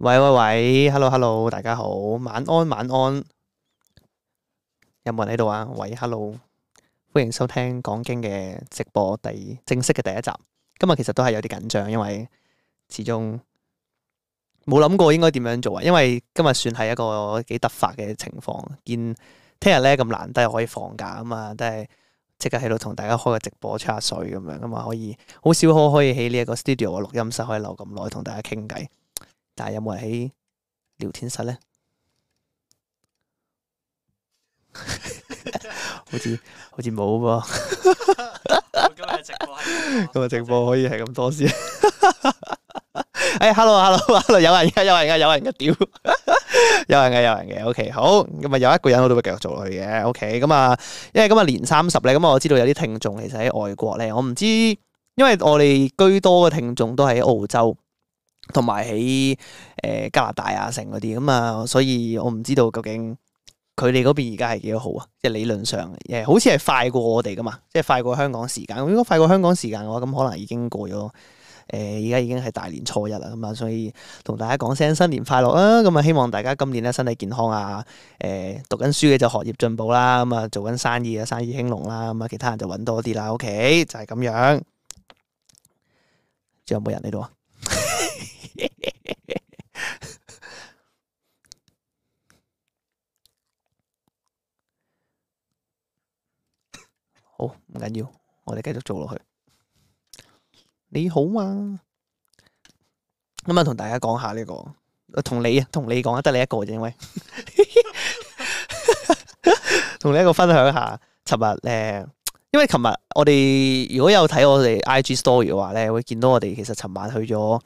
喂喂喂 hello，hello hello，大家好，晚安晚安，有冇人喺度啊？喂，hello，歡迎收聽講經嘅直播第正式嘅第一集。今日其實都係有啲緊張，因為始終冇諗過應該點樣做啊。因為今日算係一個幾突發嘅情況，見聽日咧咁難得，都係可以放假啊嘛，都係即刻喺度同大家開個直播，吹下水咁樣啊嘛，可以好少可可以喺呢一個 studio 嘅錄音室可以留咁耐，同大家傾偈。但係有冇人喺聊天室咧？好似好似冇噃。咁你係直播，咁啊直播可以係咁多先。哎，hello，hello，hello，有人嘅，有人嘅，有人嘅屌，有人嘅，有人嘅。O K，好咁啊，有一個人我都會繼續做落去嘅。O K，咁啊，因為今日，年三十咧，咁啊，我知道有啲聽眾其實喺外國咧，我唔知，因為我哋居多嘅聽眾都喺澳洲。同埋喺誒加拿大啊、成嗰啲咁啊，所以我唔知道究竟佢哋嗰邊而家係幾多號啊？即係理論上誒、嗯，好似係快過我哋噶嘛，即係快過香港時間。如、嗯、果快過香港時間嘅話，咁、嗯、可能已經過咗誒，而、呃、家已經係大年初一啦。咁、嗯、啊，所以同大家講聲新年快樂啊！咁、嗯、啊，希望大家今年咧，身體健康啊，誒、呃，讀緊書嘅就學業進步啦，咁、嗯、啊做緊生意啊生意興隆啦，咁、嗯、啊其他人就穩多啲啦。OK，就係咁樣，仲有冇人嚟到？ 好，唔緊要，我哋繼續做落去。你好嘛？咁啊，同大家講下呢個，同你啊，同你，你講得你一個啫，喂，同你一個分享下。尋日誒，因為尋日我哋如果有睇我哋 I G story 嘅話咧，會見到我哋其實尋晚去咗。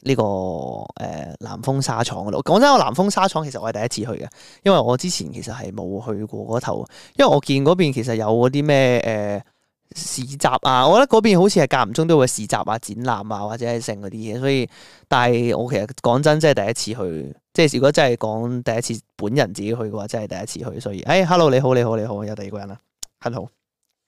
呢、這個誒、呃、南豐紗廠嗰度，講真，我南豐紗廠其實我係第一次去嘅，因為我之前其實係冇去過嗰頭，因為我見嗰邊其實有嗰啲咩誒市集啊，我覺得嗰邊好似係間唔中都會市集啊、展覽啊或者係剩嗰啲嘢，所以但係我其實講真，真係第一次去，即係如果真係講第一次本人自己去嘅話，真係第一次去，所以誒、哎、，hello 你好你好你好,你好，有第二個人啦，hello。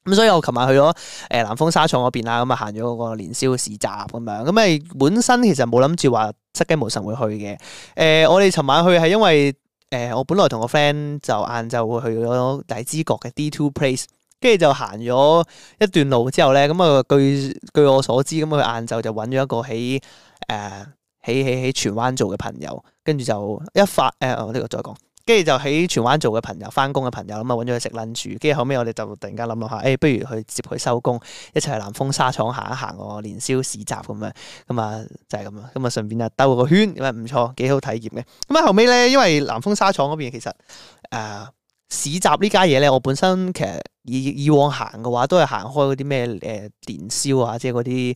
咁、嗯、所以我琴晚去咗誒、呃、南豐紗廠嗰邊啦，咁、嗯、啊行咗嗰個年宵市集咁樣，咁、嗯、啊本身其實冇諗住話失驚無神會去嘅。誒、呃，我哋尋晚去係因為誒、呃，我本來同個 friend 就晏晝會去咗荔枝角嘅 D Two Place，跟住就行咗一段路之後咧，咁、嗯、啊據據我所知咁佢晏晝就揾咗一個喺誒喺喺喺荃灣做嘅朋友，跟住就一發誒，我呢個再講。跟住就喺荃灣做嘅朋友，翻工嘅朋友咁啊，揾咗佢食撚住。跟住後尾我哋就突然間諗諗下，誒、哎，不如去接佢收工，一齊去南豐紗廠行一行喎，年宵市集咁樣，樣。咁啊，就係咁啊。咁啊，順便啊兜個圈咁啊，唔錯，幾好體驗嘅。咁啊，後尾咧，因為南豐紗廠嗰邊其實誒、呃、市集呢家嘢咧，我本身其實以以往行嘅話，都係行開嗰啲咩誒年宵啊，即係嗰啲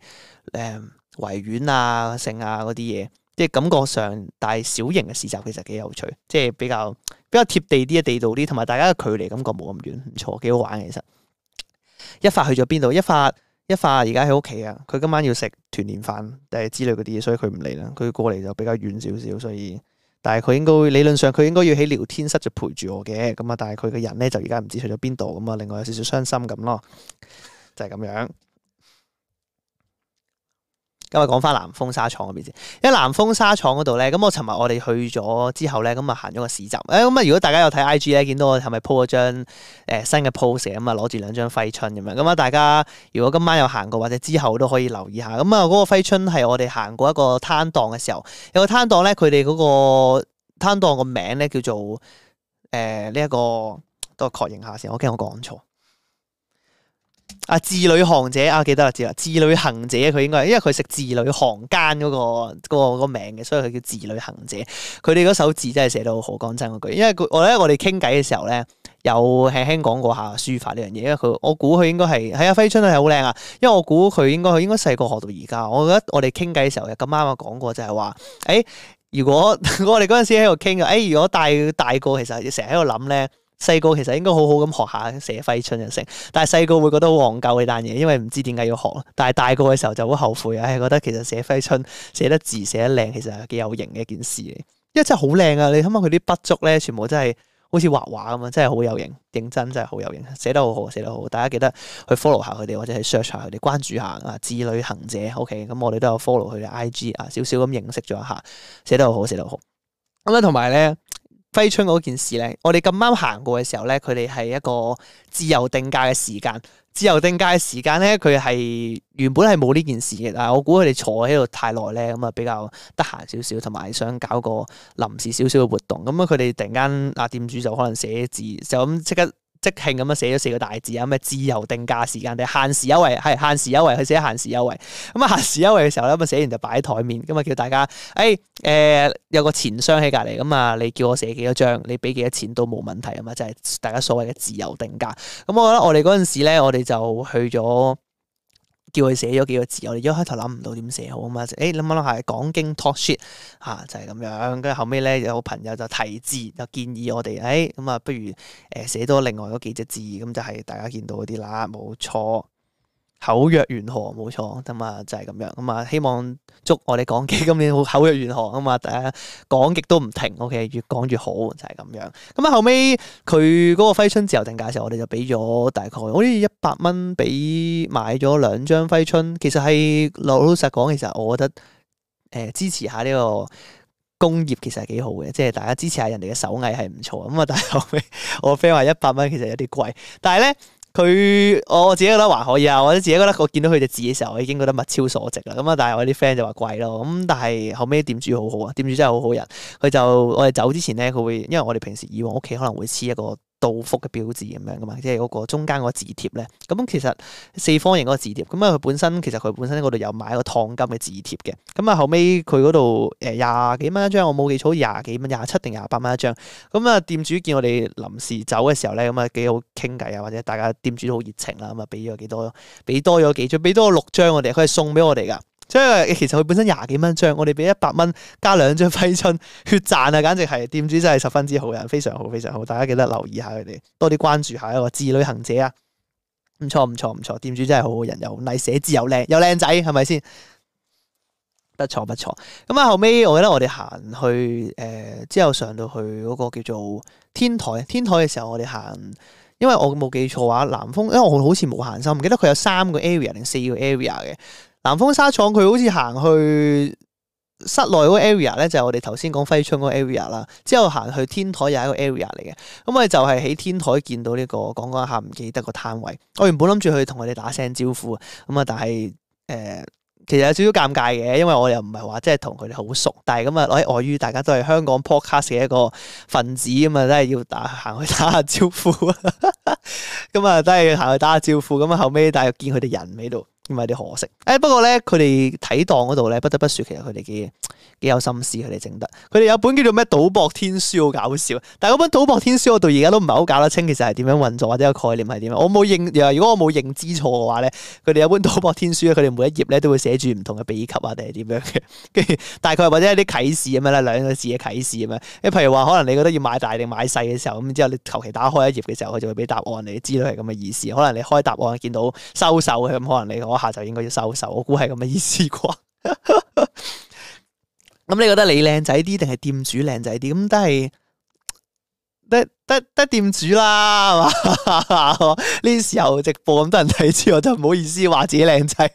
誒維園啊、剩啊嗰啲嘢。即係感覺上，大小型嘅市集其實幾有趣，即係比較比較貼地啲、地道啲，同埋大家嘅距離感覺冇咁遠，唔錯，幾好玩嘅。其實一發去咗邊度，一發一發而家喺屋企啊。佢今晚要食團年飯但係之類嗰啲嘢，所以佢唔嚟啦。佢過嚟就比較遠少少，所以但係佢應該理論上佢應該要喺聊天室就陪住我嘅咁啊。但係佢嘅人咧就而家唔知去咗邊度咁啊。另外有少少傷心咁咯，就係咁樣。今日講翻南風沙廠嗰邊先，因為南風沙廠嗰度咧，咁我尋日我哋去咗之後咧，咁啊行咗個市集，誒、欸，咁啊如果大家有睇 I G 咧，見到我係咪 po 咗張誒新嘅 pose 啊嘛，攞住兩張揮春咁樣，咁啊大家如果今晚有行過或者之後都可以留意下，咁啊嗰個揮春係我哋行過一個攤檔嘅時候，有個攤檔咧，佢哋嗰個攤檔個名咧叫做誒呢一個，都確認下先，我驚我講錯。啊，字旅行者啊，記得啦字啦，字旅行者佢應該係，因為佢食、那個那個那個、字旅行間嗰個嗰名嘅，所以佢叫字旅行者。佢哋嗰首字真係寫到好講真嗰句，因為我咧我哋傾偈嘅時候咧，有輕輕講過下書法呢樣嘢，因為佢我估佢應該係喺阿揮春係好靚啊，因為我估佢應該佢應該細個學到而家，我覺得我哋傾偈嘅時候又咁啱我講過就係話，誒、哎、如果 我哋嗰陣時喺度傾嘅，誒、哎、如果大大個其實成日喺度諗咧。細個其實應該好好咁學下寫揮春就成，但係細個會覺得好戇鳩呢單嘢，因為唔知點解要學。但係大個嘅時候就好後悔啊，係覺得其實寫揮春寫得字寫得靚，其實係幾有型嘅一件事。因為，為，因為真係好靚啊！你睇下佢啲筆觸咧，全部真係好似畫畫咁樣，真係好有型，認真真係好有型，寫得好好，寫得好。大家記得去 follow 下佢哋，或者係 search 下佢哋，關注下啊。字旅行者，OK，咁我哋都有 follow 佢哋 IG 啊，少少咁認識咗一下，寫、OK? 得好好，寫得好。咁咧，同埋咧。揮春嗰件事咧，我哋咁啱行過嘅時候咧，佢哋係一個自由定價嘅時間，自由定價嘅時間咧，佢係原本係冇呢件事嘅，但係我估佢哋坐喺度太耐咧，咁啊比較得閒少少，同埋想搞個臨時少少嘅活動，咁啊佢哋突然間啊店主就可能寫字，就咁即刻。即興咁樣寫咗四個大字啊，咩自由定價時間定限時優惠，係限時優惠，佢寫限時優惠。咁啊限時優惠嘅時候咧，咁啊寫完就擺喺枱面，咁啊叫大家，誒、哎、誒、呃、有個錢箱喺隔籬，咁啊你叫我寫幾多張，你俾幾多錢都冇問題啊嘛，就係、是、大家所謂嘅自由定價。咁、嗯、我覺得我哋嗰陣時咧，我哋就去咗。叫佢寫咗幾個字，我哋一開頭諗唔到點寫好啊嘛，誒諗下諗下講經 talk shit、啊、就係、是、咁樣，跟住後尾咧有朋友就提字就建議我哋，誒咁啊不如誒寫多另外嗰幾隻字，咁就係大家見到嗰啲啦，冇錯。口若懸河，冇錯，咁啊就係、是、咁樣，咁啊希望祝我哋講經今年好口若懸河啊嘛，大家講極都唔停，OK，越講越好，就係、是、咁樣。咁啊後尾佢嗰個揮春自由定價嘅時候，我哋就俾咗大概好似一百蚊俾買咗兩張揮春。其實係老老實講，其實我覺得誒、呃、支持下呢個工業其實係幾好嘅，即、就、係、是、大家支持下人哋嘅手藝係唔錯。咁啊，但係後尾我 friend 話一百蚊其實有啲貴，但係咧。佢我自己覺得還可以啊，或者自己覺得我見到佢隻字嘅時候，我已經覺得物超所值啦。咁啊，但係我啲 friend 就話貴咯。咁但係後尾店主好好啊，店主真係好好人。佢就我哋走之前咧，佢會因為我哋平時以往屋企可能會黐一個倒福嘅標誌咁樣噶嘛，即係嗰個中間嗰個字貼咧。咁其實四方形嗰個字貼，咁啊佢本身其實佢本身嗰度有買一個燙金嘅字貼嘅。咁啊後尾，佢嗰度誒廿幾蚊一張，我冇記錯廿幾蚊，廿七定廿八蚊一張。咁啊店主見我哋臨時走嘅時候咧，咁啊幾好傾偈啊，或者大家店主都好熱情啦，咁啊俾咗幾多，俾多咗幾張，俾多咗六張我哋，佢係送俾我哋噶。即其實佢本身廿幾蚊張，我哋俾一百蚊加兩張飛，血賺啊！簡直係店主真係十分之好人，非常好，非常好。大家記得留意下佢哋，多啲關注一下一個自旅行者啊！唔錯唔錯唔錯，錯，店主真係好好人，好寫好又嚟寫字又靚又靚仔，係咪先？不錯不錯。咁啊，後尾我記得我哋行去誒、呃，之後上到去嗰個叫做天台天台嘅時候，我哋行，因為我冇記錯啊，南豐因為我好似冇行新，唔記得佢有三個 area 定四個 area 嘅。南風沙廠佢好似行去室內嗰 area 咧，就係我哋頭先講揮春嗰 area 啦。之後行去天台又係一個 area 嚟嘅。咁我就係喺天台見到呢、這個，講講下唔記得個攤位。我原本諗住去同佢哋打聲招呼，咁啊，但係誒，其實有少少尷尬嘅，因為我又唔係話即係同佢哋好熟。但係咁啊，我礙於大家都係香港 podcast 嘅一個分子，咁啊，真係要打行去打，下招， 去打下招呼。咁啊，都係行去打下招呼。咁啊，後尾，但係又見佢哋人喺度。咪有啲可惜，誒、哎，不過咧佢哋睇檔嗰度咧，不得不說，其實佢哋幾幾有心思，佢哋整得，佢哋有一本叫做咩賭博天書，好搞笑。但係嗰本賭博天書，我到而家都唔係好搞得清，其實係點樣運作或者個概念係點樣。我冇認，如果我冇認知錯嘅話咧，佢哋有本賭博天書，佢哋每一頁咧都會寫住唔同嘅秘笈啊，定係點樣嘅，跟 住大概或者係啲啟示咁樣啦，兩個字嘅啟示咁樣。你譬如話可能你覺得要買大定買細嘅時候，咁之後你求其打開一頁嘅時候，佢就會俾答案你，知道係咁嘅意思。可能你開答案見到收手嘅咁，可能你嗰下就應該要收手，我估係咁嘅意思啩。咁、 嗯、你覺得你靚仔啲定係店主靚仔啲？咁都係得得得店主啦，係嘛？呢 時候直播咁多人睇住，我就唔好意思話自己靚仔。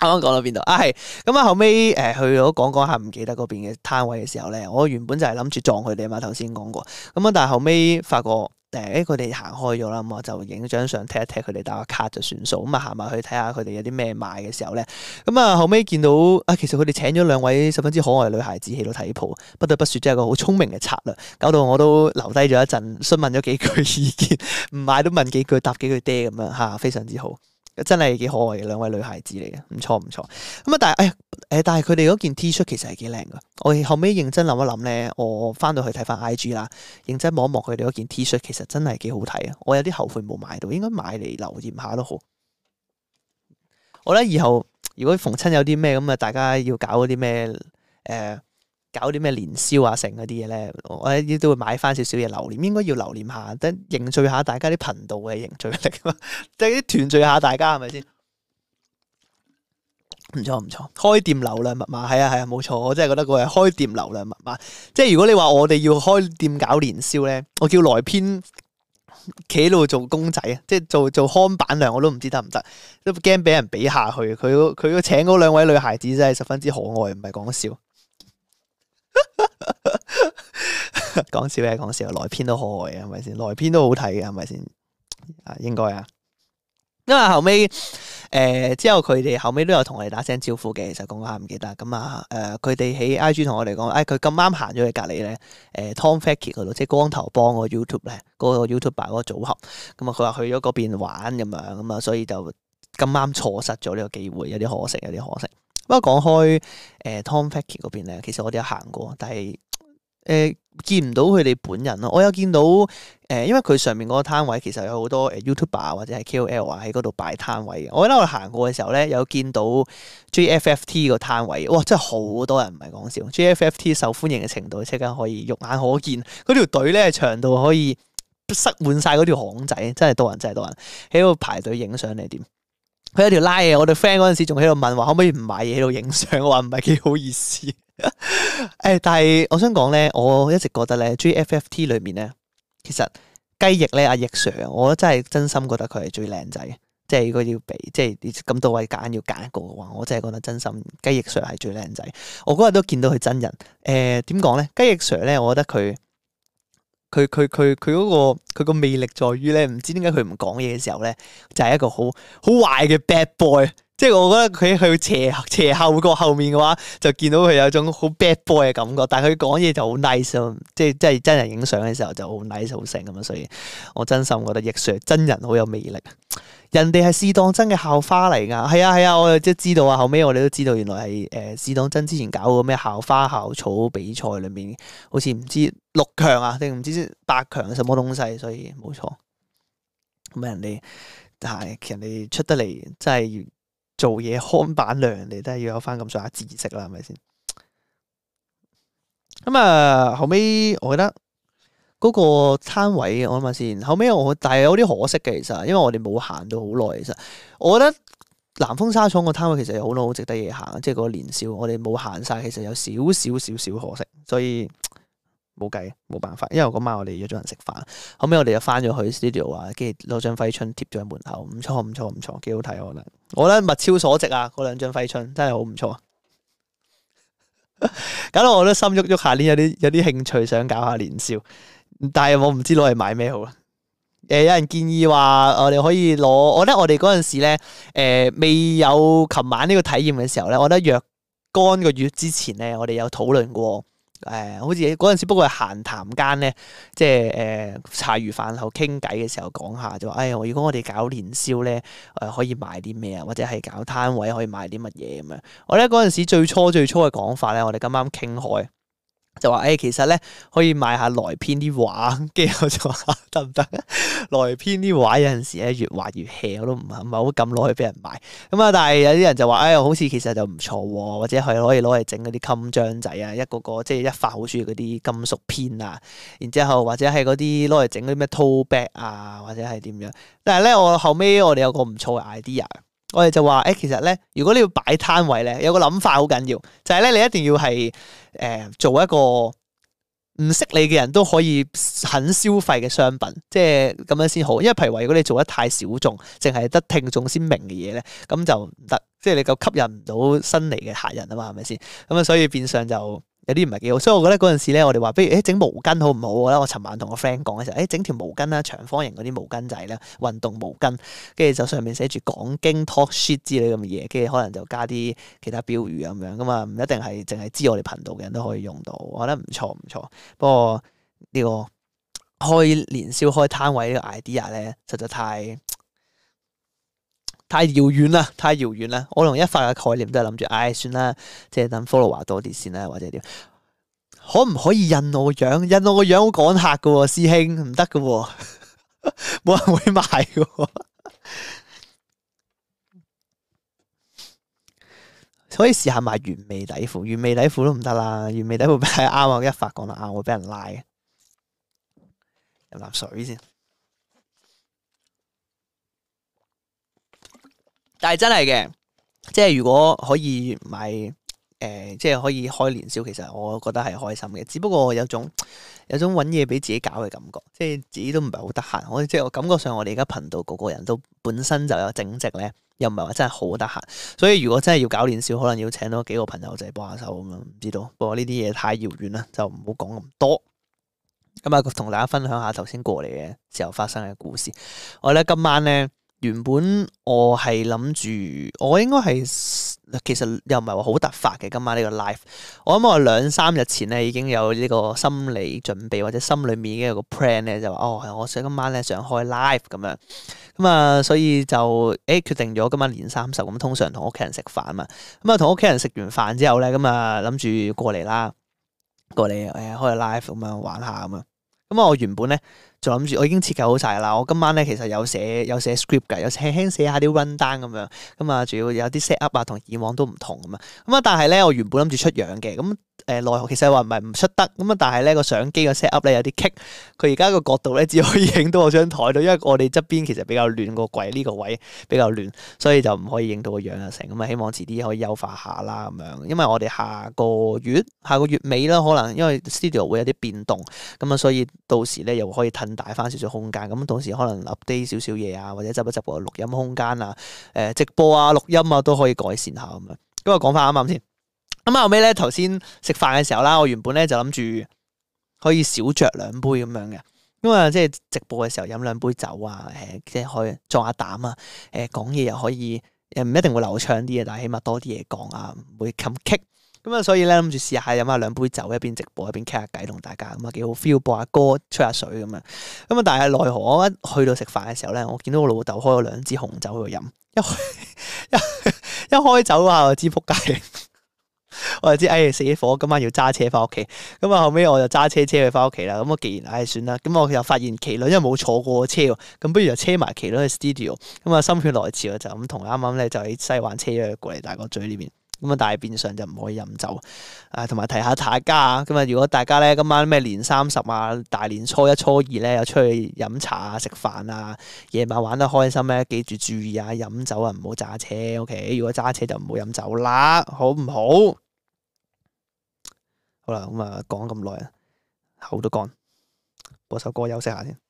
啱啱講到邊度啊？係咁啊，後尾誒、呃、去咗講講下，唔記得嗰邊嘅攤位嘅時候咧，我原本就係諗住撞佢哋啊嘛。頭先講過，咁、嗯、啊，但係後尾發覺。誒，佢哋行開咗啦，咁啊就影張相，睇一睇佢哋打個卡就算數，咁啊行埋去睇下佢哋有啲咩賣嘅時候咧，咁、嗯、啊後尾見到啊，其實佢哋請咗兩位十分之可愛嘅女孩子喺度睇鋪，不得不說真係個好聰明嘅策略，搞到我都留低咗一陣，詢問咗幾句意見，唔 買都問幾句，答幾句爹咁樣吓，非常之好。真係幾可愛嘅兩位女孩子嚟嘅，唔錯唔錯。咁啊，但係誒，誒、哎，但係佢哋嗰件 T 恤其實係幾靚噶。我後尾認真諗一諗咧，我翻到去睇翻 IG 啦，認真望一望佢哋嗰件 T 恤，其實真係幾好睇啊！我有啲後悔冇買到，應該買嚟留言下都好。我咧以後如果逢親有啲咩咁啊，大家要搞嗰啲咩誒？呃搞啲咩年宵啊，剩嗰啲嘢咧，我一啲都會買翻少少嘢留念，應該要留念下，得凝聚下大家啲頻道嘅凝聚力嘛，即係啲團聚下大家係咪先？唔錯唔錯，開店流量密碼係啊係啊，冇錯，我真係覺得佢係開店流量密碼。即係如果你話我哋要開店搞年宵咧，我叫來編企喺度做公仔啊，即係做做看板娘，我都唔知得唔得，都驚俾人比下去。佢佢請嗰兩位女孩子真係十分之可愛，唔係講笑。講笑咩？講笑啊，來篇都可愛啊，係咪先？來篇都好睇嘅，係咪先？啊，應該啊，因為、啊、後尾誒、呃，之後佢哋後尾都有同我哋打聲招呼嘅，其實講下唔記得咁啊。誒、嗯，佢哋喺 I G 同我哋講，誒、哎，佢咁啱行咗去隔籬咧，誒、呃、Tom Fakie 嗰度，即係光頭幫個 YouTube 咧，嗰個 YouTuber 嗰個組合，咁、嗯、啊，佢話去咗嗰邊玩咁樣，咁、嗯、啊，所以就咁啱錯失咗呢個機會，有啲可惜，有啲可惜。不過講開，誒、呃、Tom p a k i e 嗰邊咧，其實我哋有行過，但係誒、呃、見唔到佢哋本人咯。我有見到，誒、呃、因為佢上面嗰個攤位其實有好多誒、呃、YouTuber 或者係 KOL 啊喺嗰度擺攤位嘅。我嗰日行過嘅時候咧，有見到 GFFT 個攤位，哇，真係好多人，唔係講笑。GFFT 受歡迎嘅程度，即刻可以肉眼可見，嗰條隊咧長到可以塞滿晒嗰條巷仔，真係多人，真係多人喺度排隊影相，你點？佢有條拉嘢，我哋 friend 嗰陣時仲喺度問話，可唔可以唔買嘢喺度影相，我話唔係幾好意思。誒、 哎，但係我想講咧，我一直覺得咧，G F F T 裏面咧，其實雞翼咧，阿翼 sir，我真係真心覺得佢係最靚仔嘅。即係如果要比，即係咁多位揀要揀一個嘅話，我真係覺得真心雞翼 sir 係最靚仔。我嗰日都見到佢真人。誒、呃，點講咧？雞翼 sir 咧，我覺得佢。佢佢佢佢嗰個佢個魅力在於咧，唔知點解佢唔講嘢嘅時候咧，就係一個好好壞嘅 bad boy。即係我覺得佢去斜斜後個後面嘅話，就見到佢有種好 bad boy 嘅感覺。但係佢講嘢就好 nice，即係即係真人影相嘅時候就好 nice 好性咁啊！所以我真心覺得易 sir 真人好有魅力。人哋係試當真嘅校花嚟㗎，係啊係啊，我即知道啊。後尾我哋都知道，原來係誒試當真之前搞過咩校花校草比賽裏面，好似唔知六強啊定唔知八強嘅什麼東西。所以冇錯咁人哋，但係人哋出得嚟真係。做嘢看板娘，你都係要有翻咁上下知識啦，係咪先？咁、嗯、啊，後尾我覺得嗰個攤位我諗下先。後尾我但係有啲可惜嘅，其實因為我哋冇行到好耐。其實我覺得南風沙廠個攤位其實好耐，好值得嘢行。即係個年少，我哋冇行晒，其實有少少少少少少可惜，所以。冇計，冇辦法，因為嗰晚我哋約咗人食飯，後尾我哋就翻咗去 studio 啊，跟住攞張揮春貼咗喺門口，唔錯唔錯唔錯，幾好睇我覺得。我覺得物超所值啊，嗰兩張揮春真係好唔錯啊！搞 到我都心喐喐，下年有啲有啲興趣想搞下年宵，但係我唔知攞嚟買咩好啊。誒、呃，有人建議話我哋可以攞，我覺得我哋嗰陣時咧，誒、呃、未有琴晚呢個體驗嘅時候咧，我覺得若干個月之前咧，我哋有討論過。誒、呃、好似嗰陣時，不過係閒談間咧，即係誒茶餘飯後傾偈嘅時候講下就話、是，哎如果我哋搞年宵咧，誒、呃、可以賣啲咩啊？或者係搞攤位可以賣啲乜嘢咁樣？我咧嗰陣時最初最初嘅講法咧，我哋咁啱傾開。就話誒、欸，其實咧可以買下來編啲畫，跟住我就話得唔得？行行 來編啲畫有陣時咧越畫越 hea，我都唔係唔係好敢攞去俾人賣咁啊。但係有啲人就話誒、欸，好似其實就唔錯、哦，或者係可以攞嚟整嗰啲襟章仔啊，一個個即係、就是、一發好處嗰啲金屬片啊，然之後或者係嗰啲攞嚟整嗰啲咩 tote bag 啊，或者係點樣？但係咧，我後尾我哋有個唔錯嘅 idea。我哋就話，誒、哎，其實咧，如果你要擺攤位咧，有個諗法好緊要，就係、是、咧，你一定要係誒、呃、做一個唔識你嘅人都可以肯消費嘅商品，即係咁樣先好。因為譬如，如果你做得太小眾，淨係得聽眾先明嘅嘢，咧，咁就唔得，即係你夠吸引唔到新嚟嘅客人啊嘛，係咪先？咁、嗯、啊，所以變相就。有啲唔係幾好，所以我覺得嗰陣時咧，我哋話不如誒整、欸、毛巾好唔好啊？我尋晚同個 friend 講嘅時候，誒、欸、整條毛巾啦，長方形嗰啲毛巾仔咧，運動毛巾，跟住就上面寫住講經 talk shit 之類咁嘅嘢，跟住可能就加啲其他標語咁樣噶嘛，唔一定係淨係知我哋頻道嘅人都可以用到，我覺得唔錯唔錯。不過呢個開年宵開攤位呢個 idea 咧，實在太～太遙遠啦，太遙遠啦！我同一發嘅概念都係諗住，唉，算啦，即係等 follow 話多啲先啦，或者點？可唔可以印我個樣？印我個樣好趕客噶，師兄唔得噶，冇、哦、 人會買噶。 可以試下賣原味底褲，原味底褲都唔得啦，原味底褲比啱啊！一發講到啱會俾人拉嘅，飲啖水先。但係真係嘅，即係如果可以買誒、呃，即係可以開年宵，其實我覺得係開心嘅。只不過有種有種揾嘢俾自己搞嘅感覺，即係自己都唔係好得閒。我即係我感覺上，我哋而家頻道個個人都本身就有正職咧，又唔係話真係好得閒。所以如果真係要搞年宵，可能要請多幾個朋友仔係幫下手咁樣。唔知道，不過呢啲嘢太遙遠啦，就唔好講咁多。咁啊，同大家分享下頭先過嚟嘅時候發生嘅故事。我咧今晚咧。原本我係諗住，我應該係其實又唔係話好突發嘅，今晚呢個 live 我諗我兩三日前咧已經有呢個心理準備或者心裏面已經有個 plan 咧，就話、是、哦，我想今晚咧想開 live 咁樣，咁、嗯、啊，所以就誒決定咗今晚年三十咁，通常同屋企人食飯嘛，咁啊同屋企人食完飯之後咧，咁啊諗住過嚟啦，過嚟誒、哎、開 live 咁樣玩下咁啊，咁、嗯、啊、嗯、我原本咧。就諗住，我已經設計好晒啦。我今晚咧其實有寫有寫 script 㗎，有輕輕寫下啲 run down 咁樣。咁啊，主要有啲 set up 啊，同以往都唔同咁啊。咁啊，但係咧，我原本諗住出樣嘅。咁誒內，其實話唔係唔出得。咁啊，但係咧個相機個 set up 咧有啲 kick。佢而家個角度咧只可以影到我張台度，因為我哋側邊其實比較亂個櫃呢個位比較亂，所以就唔可以影到個樣啊成。咁啊，希望遲啲可以優化下啦咁樣。因為我哋下個月下個月尾啦，可能因為 studio 會有啲變動，咁啊，所以到時咧又可以騰。大翻少少空間，咁同時可能 update 少少嘢啊，或者執一執個錄音空間啊，誒、呃、直播啊錄音啊都可以改善下咁樣。咁啊講翻啱啱先，咁後尾咧頭先食飯嘅時候啦，我原本咧就諗住可以少酌兩杯咁樣嘅，因為即係直播嘅時候飲兩杯酒啊，誒、呃、即係可以壯下膽啊，誒、呃、講嘢又可以誒唔、呃、一定會流暢啲嘅，但係起碼多啲嘢講啊，唔會咁咁啊，所以咧諗住試下飲下兩杯酒，一邊直播一邊傾下偈同大家，咁啊幾好。Feel 播下歌，吹下水咁樣。咁啊，但係奈何我一去到食飯嘅時候咧，我見到我老豆開咗兩支紅酒喺度飲，一開一開酒啊，我知仆街，我就知唉、 哎、死火，今晚要揸車翻屋企。咁啊，後尾我就揸車車佢翻屋企啦。咁啊，既然唉、哎、算啦，咁我又發現騎輪因為冇坐過車，咁不如就車埋騎輪去 studio。咁啊，心血來潮就咁同啱啱咧就喺西環車咗過嚟大角咀呢邊。咁啊，但變相就唔可以飲酒啊，同埋提下大家啊。咁啊，如果大家咧今晚咩年三十啊、大年初一、初二咧，又出去飲茶啊、食飯啊，夜晚玩得開心咧、啊，記住注意啊，飲酒啊唔好揸車，OK。如果揸車就唔好飲酒啦，好唔好？好啦，咁、嗯、啊講咁耐啊，口都乾，播首歌休息下先。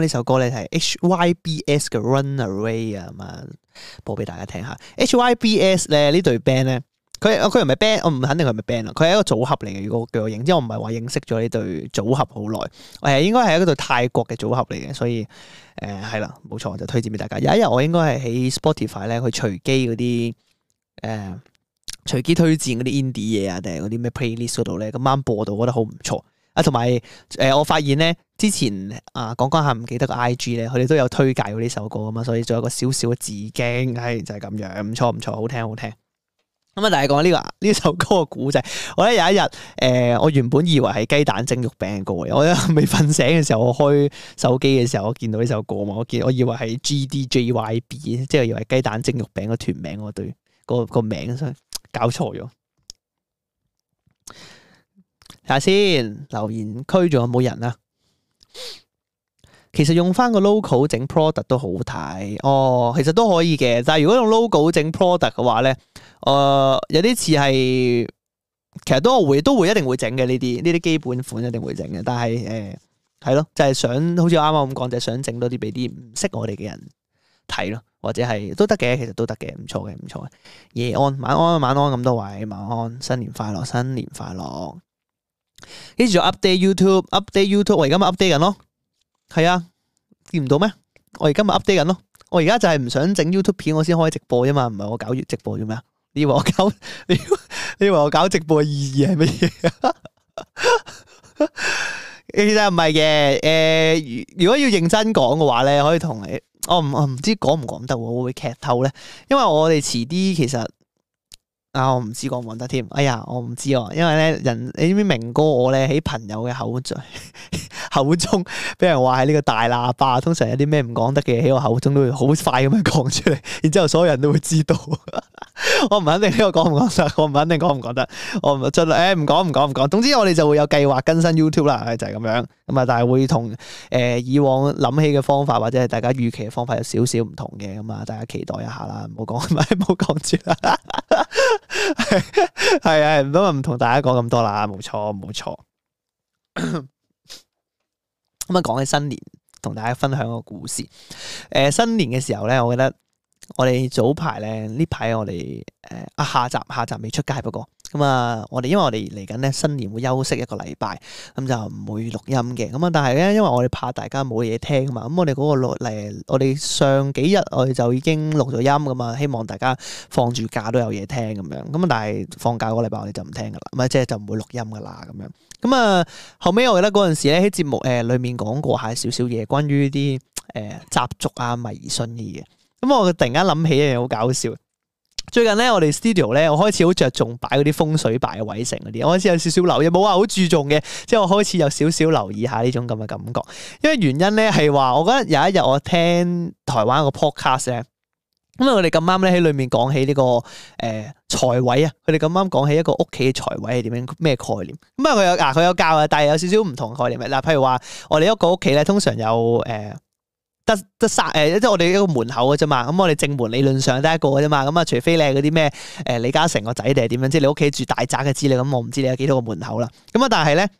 呢首歌咧係 HYBS 嘅 Run Away 啊、嗯、嘛，播俾大家聽下。HYBS 咧呢對 band 咧，佢佢唔係 band，我唔肯定佢係咪 band 啦。佢係一個組合嚟嘅。如果叫我認，即係我唔係話認識咗呢對組合好耐。誒，應該係一個對泰國嘅組合嚟嘅。所以誒，係、呃、啦，冇錯我就推薦俾大家。有一日我應該係喺 Spotify 咧，去隨機嗰啲誒隨機推薦嗰啲 Indie 嘢啊，定係嗰啲咩 playlist 嗰度咧，咁啱播到，我覺得好唔錯。同埋誒，我發現咧，之前啊，講講下唔記得個 I G 咧，佢哋都有推介過呢首歌啊嘛，所以仲有一個少少嘅致敬，係、哎、就係、是、咁樣，唔錯唔錯，好聽好聽。咁啊，但係講呢個呢首歌嘅古仔。我咧有一日誒、呃，我原本以為係雞蛋蒸肉餅嘅歌嘅，我未瞓醒嘅時候，我開手機嘅時候，我見到呢首歌嘛，我見我以為係 G D J Y B，即係以為雞蛋蒸肉餅嘅團名，我對、嗰個、嗰個名所以搞錯咗。睇下先，留言區仲有冇人啊？其實用翻個 logo 整 product 都好睇哦，其實都可以嘅。但係如果用 logo 整 product 嘅話咧，誒，有啲似係，其實都會都會一定會整嘅呢啲呢啲基本款一定會整嘅。但係誒，係咯，就係想好似我啱啱咁講，就係想整多啲俾啲唔識我哋嘅人睇咯，或者係都得嘅，其實都得嘅，唔錯嘅，唔錯嘅。夜安，晚安，晚安，咁多位，晚安，新年快樂，新年快樂。跟住就 update YouTube，update YouTube，我而家咪 update 緊咯，係啊，見唔到咩？我而家咪 update 緊咯，我而家就係唔想整 YouTube 片，我先開直播啫嘛，唔係我搞直播做咩啊？你以為我搞，你以為我搞直播意義係乜嘢啊？ 其實唔係嘅，誒、呃，如果要認真講嘅話咧，可以同你，我唔我唔知講唔講得，會唔會劇透咧，因為我哋遲啲其實。啊，我唔知講唔講得添。哎呀，我唔知哦、啊，因為咧人你知唔知明哥我咧喺朋友嘅口嘴口中，俾人話係呢個大喇叭。通常有啲咩唔講得嘅嘢，喺我口中都會好快咁樣講出嚟，然之後所有人都會知道。 我唔肯定呢個講唔講得，我唔肯定講唔講得，我唔真誒唔講唔講唔講。總之我哋就會有計劃更新 YouTube 啦，就係、是、咁樣。咁啊，但係會同誒以往諗起嘅方法或者係大家預期嘅方法有少少唔同嘅，咁啊大家期待一下啦。唔好講，唔好講住啦。 係啊，係， 唔唔同大家講咁多啦，冇錯冇錯。咁啊，講 起新年，同大家分享個故事。誒、呃，新年嘅時候咧，我覺得我哋早排咧，呢排我哋誒，啊、呃、下集下集未出街不過。咁啊，我哋、嗯、因為我哋嚟緊咧新年會休息一個禮拜，咁、嗯、就唔會錄音嘅。咁啊，但係咧，因為我哋怕大家冇嘢聽啊嘛，咁、嗯、我哋嗰個錄嚟，我哋上幾日我哋就已經錄咗音噶嘛，希望大家放住假都有嘢聽咁樣。咁、嗯、但係放假嗰個禮拜我哋就唔聽噶啦，咪即係就唔、是、會錄音噶啦咁樣。咁、嗯、啊、嗯，後尾我記得嗰陣時咧喺節目誒裏面講過下少少嘢，關於啲誒、呃、習俗啊迷信啲嘢。咁、嗯、我突然間諗起一樣嘢好搞笑。最近咧，我哋 studio 咧，我開始好着重擺嗰啲風水擺位成嗰啲，我開始有少少留意，冇話好注重嘅，即係我開始有少少留意下呢種咁嘅感覺。因為原因咧，係話我覺得有一日我聽台灣一個 podcast 咧，咁啊，我哋咁啱咧喺裏面講起呢個誒財位啊，佢哋咁啱講起一個屋企嘅財位係點樣咩概念。咁啊，佢有嗱，佢有教啊，但係有少少唔同概念嘅。嗱、呃，譬如話我哋一個屋企咧，通常有誒。呃得誒，即係我哋一個門口嘅啫嘛。咁我哋正門理論上得一個嘅啫嘛。咁啊，除非你係嗰啲咩，誒李嘉誠個仔定係點樣，即係你屋企住大宅嘅資料咁，我唔知你有幾多個門口啦。咁啊，但係咧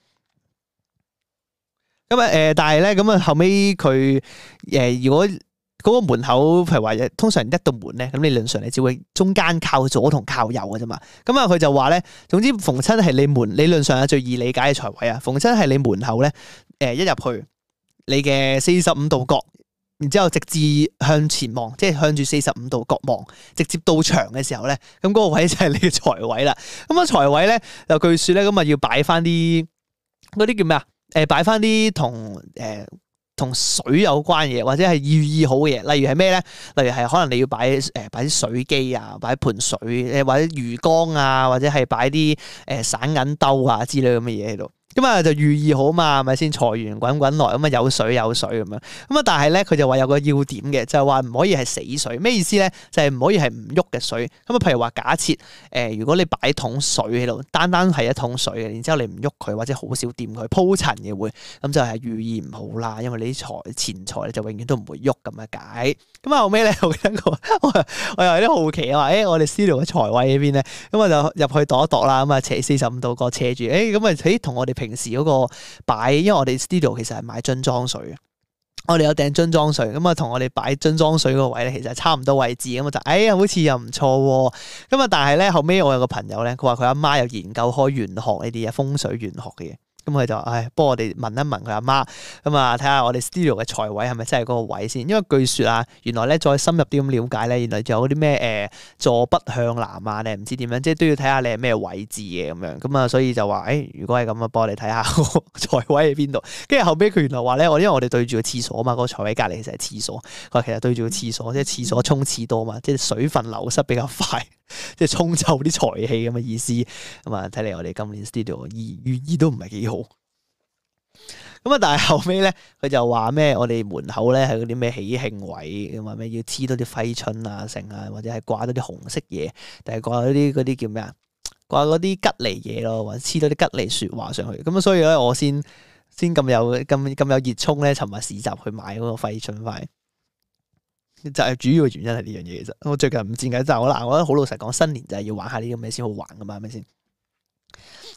咁啊，誒，但係咧咁啊，後尾佢誒，如果嗰個門口譬如話，通常一道門咧，咁理論上你只會中間靠左同靠右嘅啫嘛。咁啊，佢就話咧，總之逢親係你門理論上啊最易理解嘅財位啊，逢親係你門口咧誒，一入去你嘅四十五度角。然之後直至向前望，即係向住四十五度角望，直接到牆嘅時候咧，咁、那、嗰個位就係你嘅財位啦。咁啊財位咧，就據說咧，咁啊要擺翻啲嗰啲叫咩啊？誒、呃，擺翻啲同誒同水有關嘅嘢，或者係寓意好嘅嘢，例如係咩咧？例如係可能你要擺誒、呃、擺啲水機啊，擺啲盆水，誒或者魚缸啊，或者係擺啲誒散銀兜啊之類咁嘅嘢喺度。咁啊就寓意好嘛，咪先財源滾滾來，咁啊有水有水咁樣。咁啊但係咧佢就話有個要點嘅，就係話唔可以係死水。咩意思咧？就係、是、唔可以係唔喐嘅水。咁啊，譬如話假設誒、呃，如果你擺桶水喺度，單單係一桶水嘅，然之後你唔喐佢，或者好少掂佢，鋪塵嘅會咁就係寓意唔好啦。因為你啲錢財咧就永遠都唔會喐咁嘅解。咁啊後尾咧我，我，我又有啲好奇啊，話誒我哋 studio 嘅財位呢邊咧？咁我就入去度一度啦，咁啊斜四十五度角斜住，誒咁啊同我哋。平時嗰個擺，因為我哋 studio 其實係買樽裝水嘅，我哋有訂樽裝水咁啊，同、嗯、我哋擺樽裝水嗰位咧，其實差唔多位置咁啊，就、嗯、哎呀，好似又唔錯咁啊，但係咧後尾我有個朋友咧，佢話佢阿媽有研究開玄學呢啲嘢，風水玄學嘅嘢。咁佢、嗯、就話，唉，幫我哋問一問佢阿媽，咁啊睇下我哋 studio 嘅財位係咪真係嗰個位先？因為據說啊，原來咧再深入啲咁了解咧，原來仲有啲咩誒坐北向南啊，咧唔知點樣，即係都要睇下你係咩位置嘅咁樣。咁、嗯、啊，所以就話，誒，如果係咁啊，幫我哋睇下個財位喺邊度。跟住後尾，佢原來話咧，我因為我哋對住個廁所啊嘛，個財位隔籬其實係廁所。佢話其實對住個廁所，即係廁所沖廁多嘛，即係水分流失比較快。 即係沖湊啲財氣咁嘅意思，咁啊睇嚟，我哋今年 studio 意寓意都唔係幾好，咁啊但係後尾咧佢就話咩我哋門口咧係嗰啲咩喜慶位，咁啊話咩要黐多啲揮春啊剩啊，或者係掛多啲紅色嘢，但係掛嗰啲嗰啲叫咩啊？掛啲吉利嘢咯，或者黐多啲吉，吉利說話上去，咁所以咧我先先咁有咁咁有熱衷咧尋日市集去買嗰個揮春塊。就係主要嘅原因係呢樣嘢。其實我最近唔知點解，就係我嗱，我覺得好老實講，新年就係要玩下呢啲咁嘅嘢先好玩噶嘛，係咪先？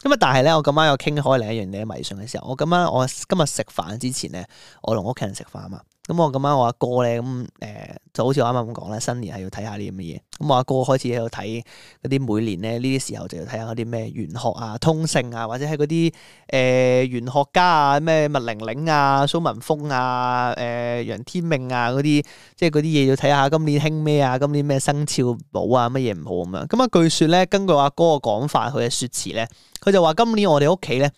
咁啊，但係咧，我今晚又傾開另一樣嘢迷信嘅時候，我今晚我今日食飯之前咧，我同屋企人食飯啊嘛。咁我咁啱，我阿哥咧，咁誒就好似我啱啱咁講啦，新年係要睇下啲咁嘅嘢。咁、嗯、我阿哥開始喺度睇嗰啲每年咧，呢啲時候就要睇下嗰啲咩玄學啊、通勝啊，或者係嗰啲誒玄學家啊，咩麥玲玲啊、蘇民峰啊、誒、呃、楊天命啊嗰啲，即係嗰啲嘢要睇下今年興咩啊，今年咩生肖寶啊好啊，乜嘢唔好咁樣。咁啊據說咧，根據阿哥嘅講法，佢嘅説辭咧，佢就話今年我哋屋企咧，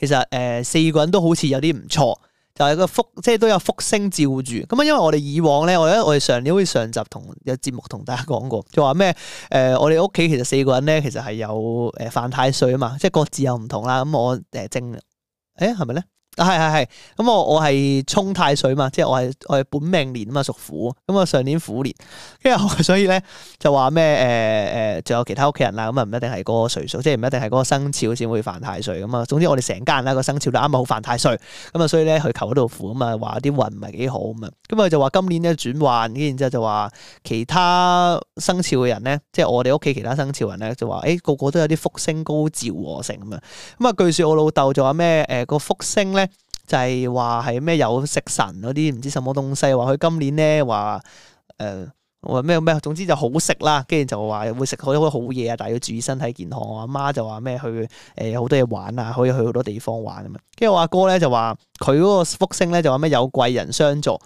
其實誒、呃、四個人都好似有啲唔錯。就係個福，即係都有福星照住。咁啊，因為我哋以往咧，我哋上年好似上集同有節目同大家講過，就話咩誒，我哋屋企其實四個人咧，其實係有誒犯，呃、太歲啊嘛，即係各自又唔同啦。咁我誒，呃、正誒係咪咧？欸是係係係，咁我我係沖太歲嘛，即係我係我係本命年啊嘛，屬虎，咁啊上年虎年，跟住所以咧就話咩誒誒，仲，er、有其他屋企人啦，咁啊唔一定係嗰個歲數，即係唔一定係嗰個生肖先會犯太歲咁啊。總之，like、我哋成間啦個生肖都啱啊，好犯太歲，咁啊所以咧去求嗰度符啊嘛，話啲運唔係幾好啊咁啊就話今年咧轉換，跟住之後就話其他生肖嘅人咧，即係我哋屋企其他生肖人咧，就話誒個個都有啲福星高照和成咁啊，咁啊據說我老豆就話咩誒個福星咧。就係話係咩有食神嗰啲唔知什麼東西，話佢今年咧話誒咩咩，總之就好食啦。跟住就話會食好多好嘢啊，但係要注意身體健康。我阿媽就話咩去誒好多嘢玩啊，可以去好多地方玩咁樣。跟住我阿哥咧就話佢嗰個福星咧就話咩有貴人相助。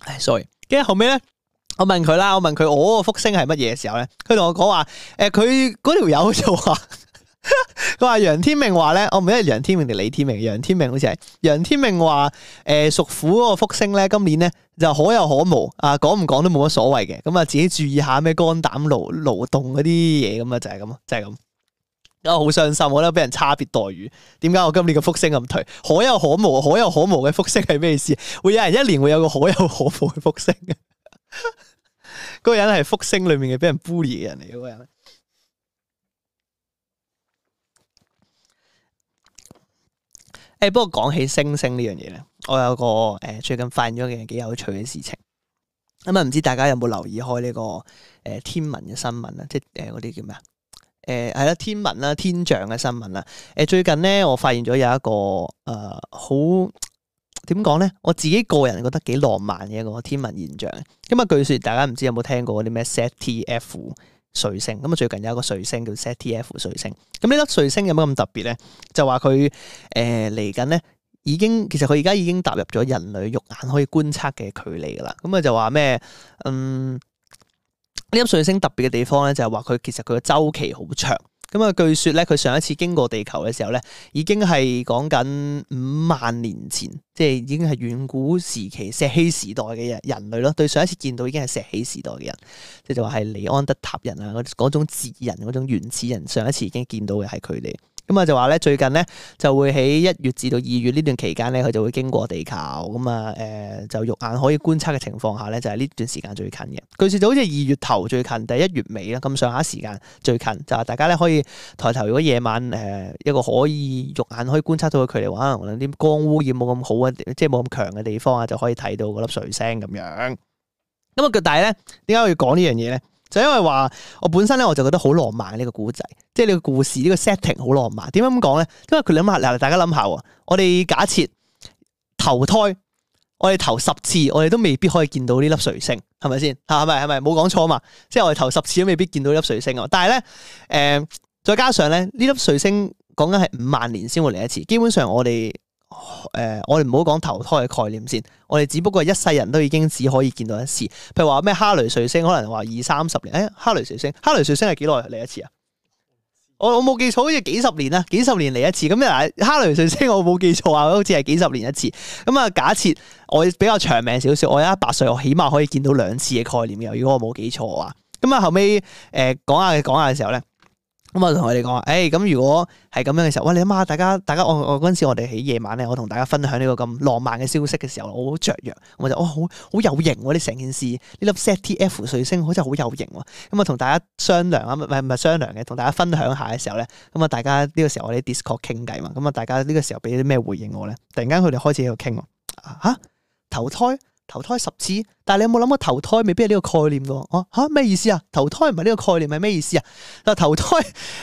唉，Sorry。跟住後尾咧，我問佢啦，我問佢我個福星係乜嘢嘅時候咧，佢同我講話誒，佢嗰條友就話。 佢話楊天命話咧，我唔記得係楊天命定李天命，楊天命好似係楊天命話，誒屬虎嗰個福星咧，今年咧就可有可無啊，講唔講都冇乜所謂嘅，咁、嗯、啊自己注意下咩肝膽勞勞動嗰啲嘢咁啊，就係、是、咁，就係、是、咁。我好傷心，我覺得俾人差別待遇，點解我今年嘅福星咁頹？可有可無，可有可無嘅福星係咩意思？會有人一年會有個可有可無嘅福星？嗰 個人係福星裏面嘅俾人 bully 嘅人嚟嘅個人。誒、哎，不過講起星星呢樣嘢咧，我有個誒最近發現咗件幾有趣嘅事情。咁啊，唔知大家有冇留意開呢、個誒天文嘅新聞啊？即係誒嗰啲叫咩啊？誒係啦，天文啦、呃呃、天象嘅新聞啦。誒最近咧，我發現咗有一個誒好點講咧，我自己個人覺得幾浪漫嘅一、個天文現象。咁啊，據說大家唔知有冇聽過啲咩 ZTF。彗星。咁啊，最近有一個彗星叫 ZTF 彗星。咁呢粒彗星有乜咁特別咧？就話佢誒嚟緊咧，已經其實佢而家已經踏入咗人類肉眼可以觀察嘅距離啦。咁啊就話咩？嗯，呢粒彗星特別嘅地方咧，就係話佢其實佢嘅周期好長。咁啊，據說咧，佢上一次經過地球嘅時候咧，已經係講緊五萬年前，即係已經係遠古時期石器時代嘅人人類咯，對上一次見到已經係石器時代嘅人，即係就話係尼安德塔人啊，嗰嗰種智人，嗰種原始人，上一次已經見到嘅係佢哋。咁啊就話咧，最近咧就會喺一月至到二月呢段期間咧，佢就會經過地球。咁、呃、啊，誒就肉眼可以觀測嘅情況下咧，就係呢段時間最近嘅。據說就好似二月頭最近，第一月尾啦，咁上下時間最近。就話大家咧可以抬頭，如果夜晚誒、呃、一個可以肉眼可以觀測到嘅距離，哇！可能啲光污染冇咁好嘅，即係冇咁強嘅地方啊，就可以睇到嗰粒彗星咁樣。咁啊，但係咧，點解我要講呢樣嘢咧？就因為話我本身咧，我就覺得好浪漫呢個古仔，即係呢個故事呢、呢個 setting 好浪漫。點解咁講咧？因為佢諗下，嗱，大家諗下，我哋假設投胎，我哋投十次，我哋都未必可以見到呢粒彗星，係咪先？吓，係咪係咪冇講錯啊嘛？即係我哋投十次都未必見到呢粒彗星啊！但係咧，誒、呃，再加上咧，呢粒彗星講緊係五萬年先會嚟一次，基本上我哋。誒、呃，我哋唔好講投胎嘅概念先，我哋只不過一世人都已經只可以見到一次。譬如話咩哈雷彗星，可能話二三十年。誒，哈雷彗星，哈雷彗星係幾耐嚟一次啊？我我冇記錯，好似幾十年啦，幾十年嚟一次。咁又係哈雷彗星我，我冇記錯啊，好似係幾十年一次。咁、嗯、啊，假設我比較長命少少，我一百歲，我起碼可以見到兩次嘅概念嘅。如果我冇記錯嘅話，咁、嗯、啊後尾誒、呃、講下講下嘅時候咧。咁啊，同佢哋講啊，誒，咁、欸、如果係咁樣嘅時候，喂，你諗下，大家，大家，我我嗰陣時我哋喺夜晚咧，我同大家分享呢個咁浪漫嘅消息嘅時候，我好雀躍，我就我、哦、好好有型、啊，你成件事呢粒 ZTF 彗星好似好有型，咁啊，同、嗯、大家商量啊，唔係商量嘅，同大家分享下嘅時候咧，咁啊，大家呢、這個時候我哋 Discord 傾偈嘛，咁啊，大家呢個時候俾啲咩回應我咧？突然間佢哋開始喺度傾，吓、啊啊、投胎。投胎十次，但係你有冇諗過投胎未必係呢個概念噶？我吓咩意思啊？投胎唔係呢個概念，係咩意思啊？就投胎，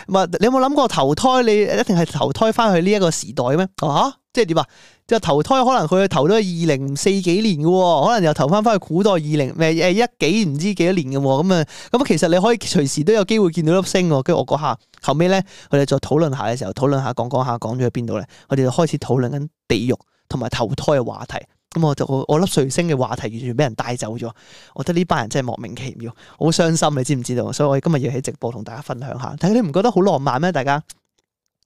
唔係你有冇諗過投胎？你一定係投胎翻去呢一個時代咩？哦即係點啊？即係投胎可能佢投咗二零四幾年嘅，可能又投翻翻去古代二零，唔誒一幾唔知幾多年嘅，咁啊咁啊，其實你可以隨時都有機會見到粒星。跟住我嗰下後尾咧，我哋再討論下嘅時候，討論下講講下講咗去邊度咧？我哋就開始討論緊地獄同埋投胎嘅話題。咁我就我粒瑞星嘅話題完全俾人帶走咗，我覺得呢班人真係莫名其妙，好傷心，你知唔知道？所以我今日要喺直播同大家分享下，但係你唔覺得好浪漫咩？大家，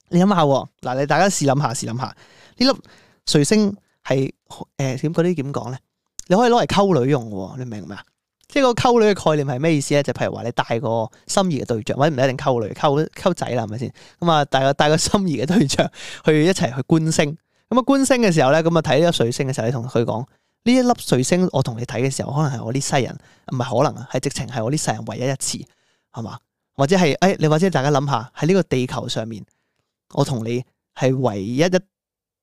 你諗下嗱，你大家試諗下，試諗下呢粒瑞星係誒點嗰啲點講咧？你可以攞嚟溝女用嘅，你明唔明啊？即係個溝女嘅概念係咩意思咧？就譬如話你帶個心儀嘅對象，或者唔一定溝女溝溝仔啦，係咪先？咁啊帶個帶個心儀嘅對象去一齊去觀星。咁啊，觀星嘅時候咧，咁啊睇呢粒水星嘅時候，你同佢講呢一粒水星，我同你睇嘅時候，可能係我呢世人唔係可能啊，係直情係我呢世人唯一一次，係嘛？或者係誒、哎，你或者大家諗下喺呢個地球上面，我同你係唯一一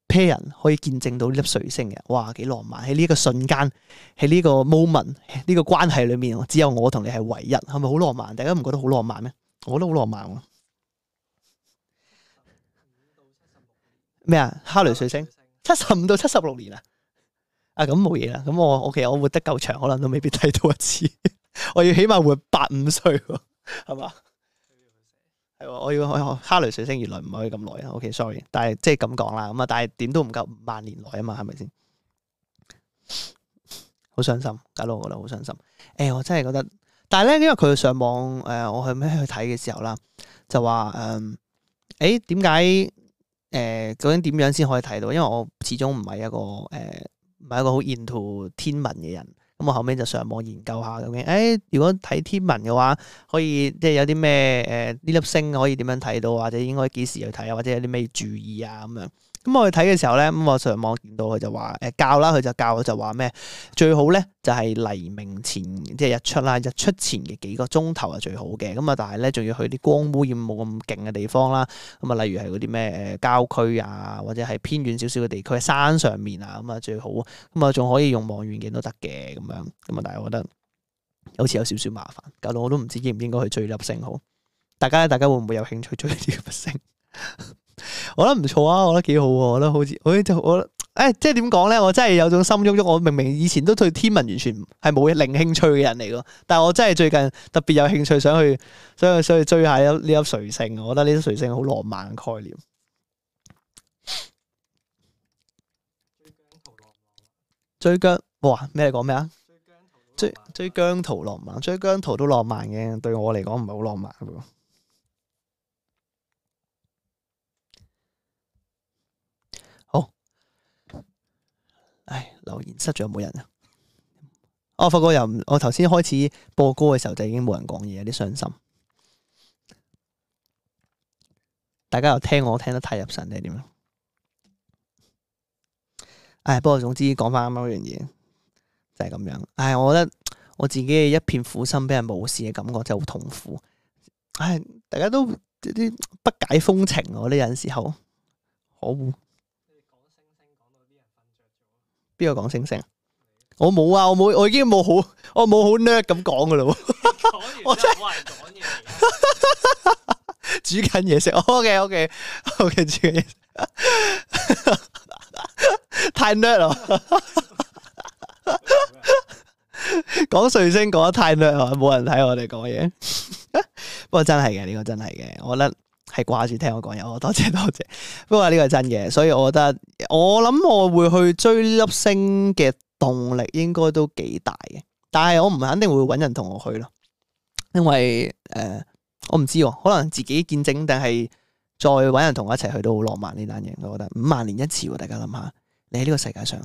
pair 人可以見證到呢粒水星嘅，哇，幾浪漫！喺呢個瞬間，喺呢個 moment 呢個關係裏面，只有我同你係唯一，係咪好浪漫？大家唔覺得好浪漫咩？我覺得好浪漫啊！咩啊？哈雷彗星七十五到七十六年 啊！啊咁冇嘢啦，咁我 O、okay, K，我活得夠長，可能都未必睇到一次。 我要起碼活八五歲，係嘛？係， 我要我哈雷彗星原來唔可以咁耐啊！O、okay, K，sorry，但係即係咁講啦，咁啊，但係點都唔夠萬年來啊嘛，係咪先？好傷心，搞到我覺得好傷心。誒、欸，我真係覺得，但係咧，因為佢上網誒、呃，我去咩去睇嘅時候啦，就話誒，點、呃、解？欸誒、呃、究竟點樣先可以睇到？因為我始終唔係一個誒，唔係一個好 into 天文嘅人，咁、嗯、我後尾就上網研究下究竟誒，如果睇天文嘅話，可以即係有啲咩誒，呢粒星可以點樣睇到，或者應該幾時去睇，或者有啲咩注意啊咁樣。咁、嗯、我去睇嘅時候咧，咁、嗯、我上網見到佢就話，誒、欸、教啦，佢就教我就話咩最好咧，就係、是、黎明前即係日出啦，日出前嘅幾個鐘頭係最好嘅。咁啊，但係咧，仲要去啲光污染冇咁勁嘅地方啦。咁、嗯、啊，例如係嗰啲咩郊區啊，或者係偏遠少少嘅地區，山上面啊，咁、嗯、啊最好。咁、嗯、啊，仲可以用望遠鏡都得嘅咁樣。咁啊，但係我覺得好似有少少麻煩，搞到我都唔知應唔應該去追粒星。好。大家呢，大家會唔會有興趣追啲粒星？ 我覺得唔錯啊，我覺得幾好，我覺得好似，誒就我誒、欸，即係點講咧？我真係有種心喐喐。我明明以前都對天文完全係冇零興趣嘅人嚟咯，但係我真係最近特別有興趣想，想去想去想去追下呢粒彗星。我覺得呢粒彗星好浪漫嘅概念，追姜，哇咩講咩啊？追追姜濤浪漫，追姜濤都浪漫嘅，對我嚟講唔係好浪漫唉，留言失咗冇人啊、哦？我發覺我又我頭先開始播歌嘅時候就已經冇人講嘢，有啲傷心。大家又聽我，我聽得太入神，定係點樣？唉，不過總之講翻啱啱嗰樣嘢就係、是、咁樣。唉，我覺得我自己嘅一片苦心俾人無視嘅感覺真係好痛苦。唉，大家都啲不解風情，我呢陣時候可邊個講星星？我冇啊，我冇，我已經冇好，我冇好叻咁講噶啦。 人我真係講嘢， 煮緊嘢食。O K、okay, O K、okay, O、okay, K 煮緊嘢食 太叻咯 d。講 瑞星講得太叻，冇人睇我哋講嘢。 不過真係嘅，呢、這個真係嘅，我覺得。係掛住聽我講嘢，我多謝多謝。多謝 不過呢個係真嘅，所以我覺得我諗我會去追粒星嘅動力應該都幾大嘅。但係我唔肯定會揾人同我去咯，因為誒、呃、我唔知，可能自己見證定係再揾人同我一齊去都好浪漫呢單嘢。我覺得五萬年一次，大家諗下，你喺呢個世界上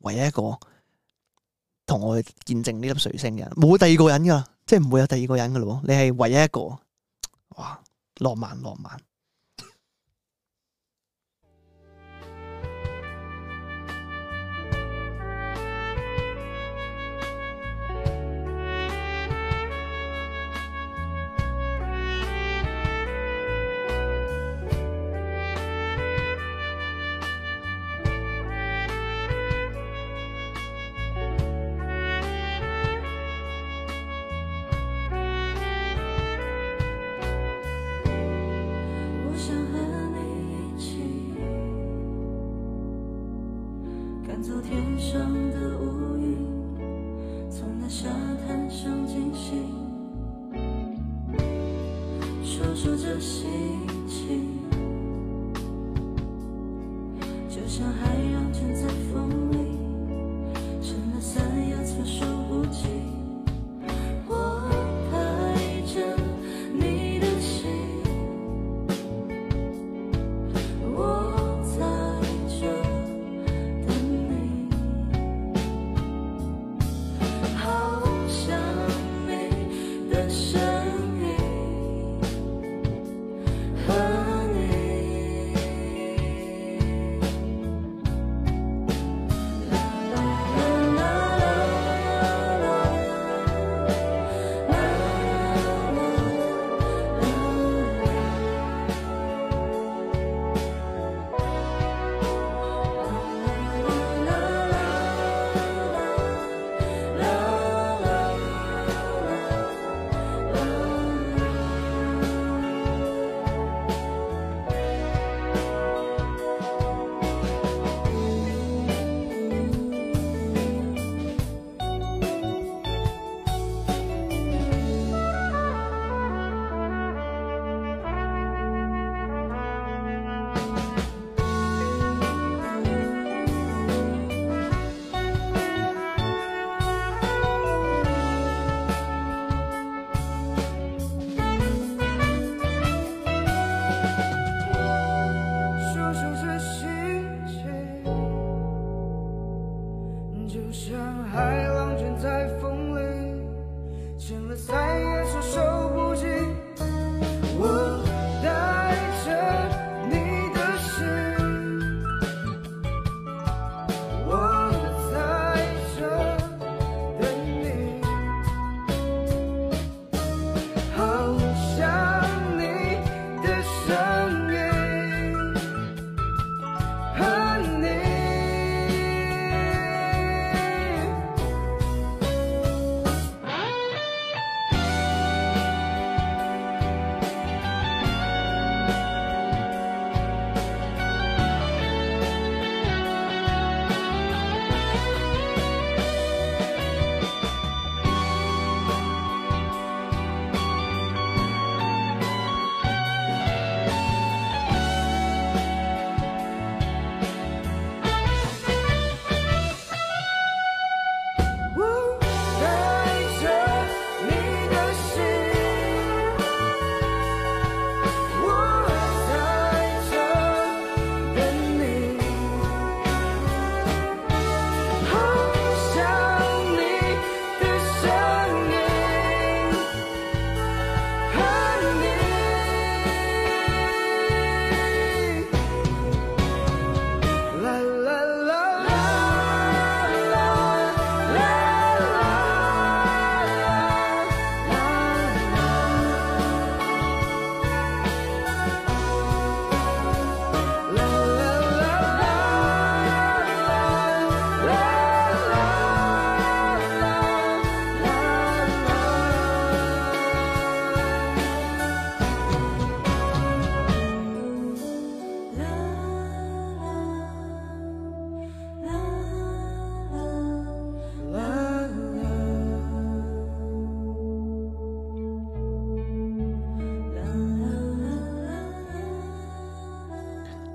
唯一一個同我見證呢粒水星嘅人，冇第二個人噶啦，即係唔會有第二個人噶啦。你係唯一一個，哇！浪漫，浪漫。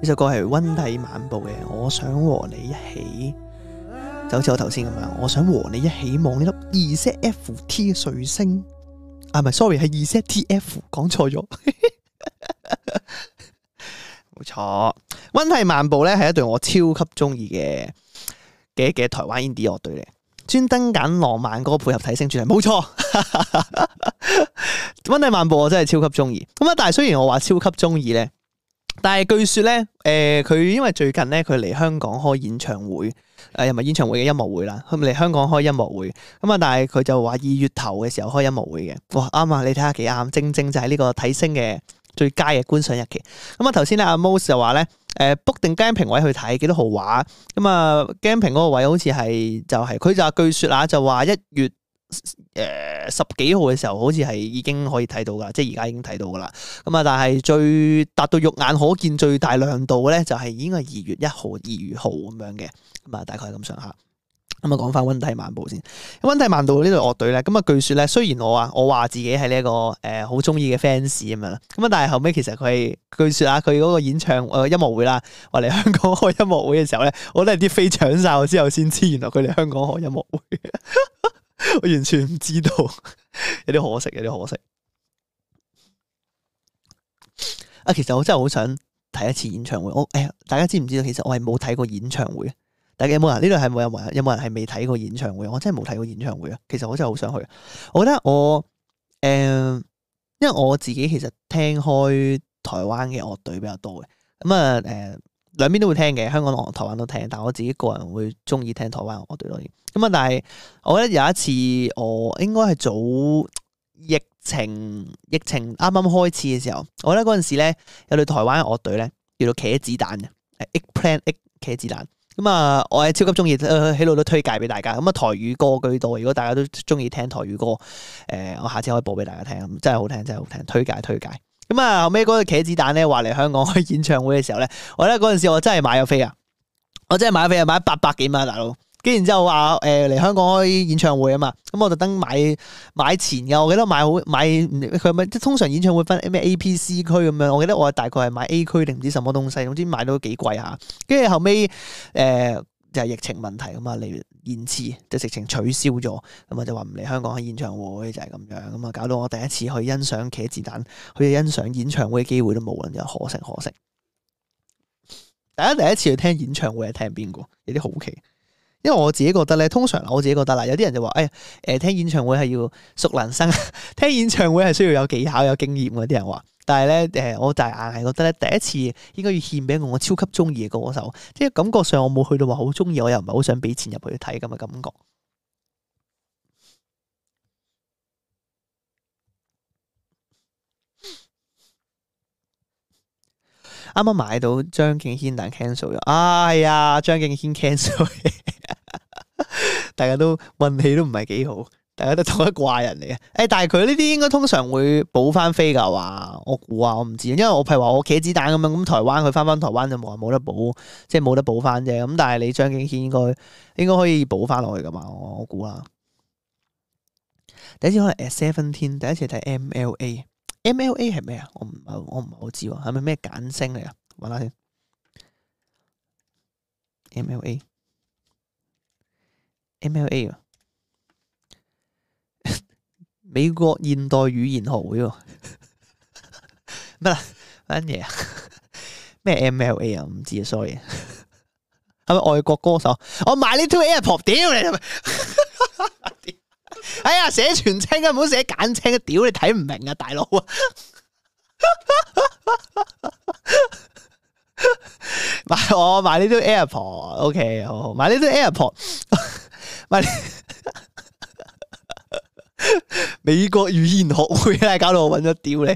呢首歌係溫蒂漫步嘅，我想和你一起，就好似我頭先咁樣，我想和你一起望呢粒二色 FT 嘅彗星啊，唔係，sorry，係二色 TF，講錯咗，冇 錯。溫蒂漫步咧係一對我超級中意嘅嘅嘅台灣 indie 樂隊嚟，專登揀浪漫歌配合睇星主題，係冇錯。溫 蒂漫步我真係超級中意，咁啊，但係雖然我話超級中意咧。但係據說咧，誒、呃，佢因為最近咧，佢嚟香港開演唱會，誒、呃，又咪演唱會嘅音樂會啦，咁嚟香港開音樂會，咁啊，但係佢就話二月頭嘅時候開音樂會嘅，哇，啱啊，你睇下幾啱，正正就係呢個睇星嘅最佳嘅觀賞日期。咁、嗯、啊，頭先咧阿 Most 就話咧，誒、呃、，book 定 game 平位去睇幾多號話，咁、嗯、啊 game 平嗰個位好似係就係、是，佢就話據說啊，就話一月。誒、呃，十幾號嘅時候，好似係已經可以睇到噶，即係而家已經睇到噶啦。咁啊，但係最達到肉眼可見最大亮度咧，就係已經係二月一號、二月號咁樣嘅。咁、嗯、啊，大概係咁上下。咁、嗯、啊，講翻溫蒂漫步先。溫蒂漫步呢隊樂隊咧，咁啊，據說咧，雖然我啊，我話自己係呢一個誒，好中意嘅 fans 咁樣啦。咁啊，但係後尾其實佢係，據說啊，佢嗰個演唱、呃、音樂會啦，話嚟香港開音樂會嘅時候咧，我都係啲飛搶晒之後，先知原來佢嚟香港開音樂會。 我完全唔知道， 有啲可惜，有啲可惜。啊，其實我真係好想睇一次演唱會。我誒、哎，大家知唔知道？其實我係冇睇過演唱會。大家有冇人？呢度係冇人，有冇人係未睇過演唱會？我真係冇睇過演唱會啊！其實我真係好想去。我覺得我誒、呃，因為我自己其實聽開台灣嘅樂隊比較多嘅。咁、嗯、啊，誒、呃。兩邊都會聽嘅，香港、台灣都聽，但係我自己個人會中意聽台灣樂隊多啲。咁啊，但係我覺得有一次我應該係早疫情疫情啱啱開始嘅時候，我覺得嗰陣時咧有對台灣嘅樂隊咧叫做茄子蛋嘅，EggPlantEgg EggPlantEgg 茄子蛋。咁啊，我係超級中意，喺度都推介俾大家。咁啊，台語歌居多，如果大家都中意聽台語歌，誒，我下次可以播俾大家聽，真係好聽，真係好聽，推介推介。咁啊，後尾嗰個茄子蛋咧話嚟香港開演唱會嘅時候咧，我咧嗰陣時我真係買咗飛啊，我真係買咗飛啊，買咗八百幾蚊大佬，跟住然之後話誒，嚟香港開演唱會啊嘛，咁我特登買買前嘅，我記得買好買佢咪即通常演唱會分咩 A、P、C 區咁樣，我記得我大概係買 A 區定唔知什麼東西，總之買到幾貴吓，跟住後尾。誒、呃。就係疫情問題啊嘛，例如延遲，即係直情取消咗，咁啊就話唔嚟香港開演唱會就係、是、咁樣，咁啊搞到我第一次去欣賞茄子蛋，去欣賞演唱會嘅機會都冇啦，又可惜可惜。大家第一次去聽演唱會係聽邊個？有啲好奇。因為我自己覺得咧，通常我自己覺得啦，有啲人就話，誒、哎，誒、呃、聽演唱會係要熟能生，聽演唱會係需要有技巧、有經驗嘅啲人話，但係咧，誒、呃，我大硬係覺得咧，第一次應該要獻俾一個我超級中意嘅歌手，即係感覺上我冇去到話好中意，我又唔係好想俾錢入去睇咁嘅感覺。啱啱買到張敬軒但 cancel 咗，啊呀，啊，張敬軒 cancel， 大家都運氣都唔係幾好，大家都同一怪人嚟嘅。誒、欸，但係佢呢啲應該通常會補翻飛噶話，我估啊，我唔知，因為我譬如話我茄子蛋咁樣，咁台灣佢翻翻台灣就冇話冇得補，即係冇得補翻啫。咁但係你張敬軒應該應該可以補翻落去噶嘛，我估啊，第一次可能 S17，第一次睇 MLA。MLA 係咩啊？我唔係我唔係好知喎，係咪咩簡稱嚟啊？搵下先，MLA，MLA 啊，美國現代語言學會喎，乜啦搵嘢啊？咩 MLA 啊？唔知啊，sorry，係咪外國歌手？我 My Little Airport，屌你啊！哎呀，寫全稱嘅唔好寫簡稱嘅，屌你睇唔明啊，大佬啊！買我買呢堆 Apple，OK，好買呢堆 Apple，買美國語言學會咧， 搞到我搵咗屌你！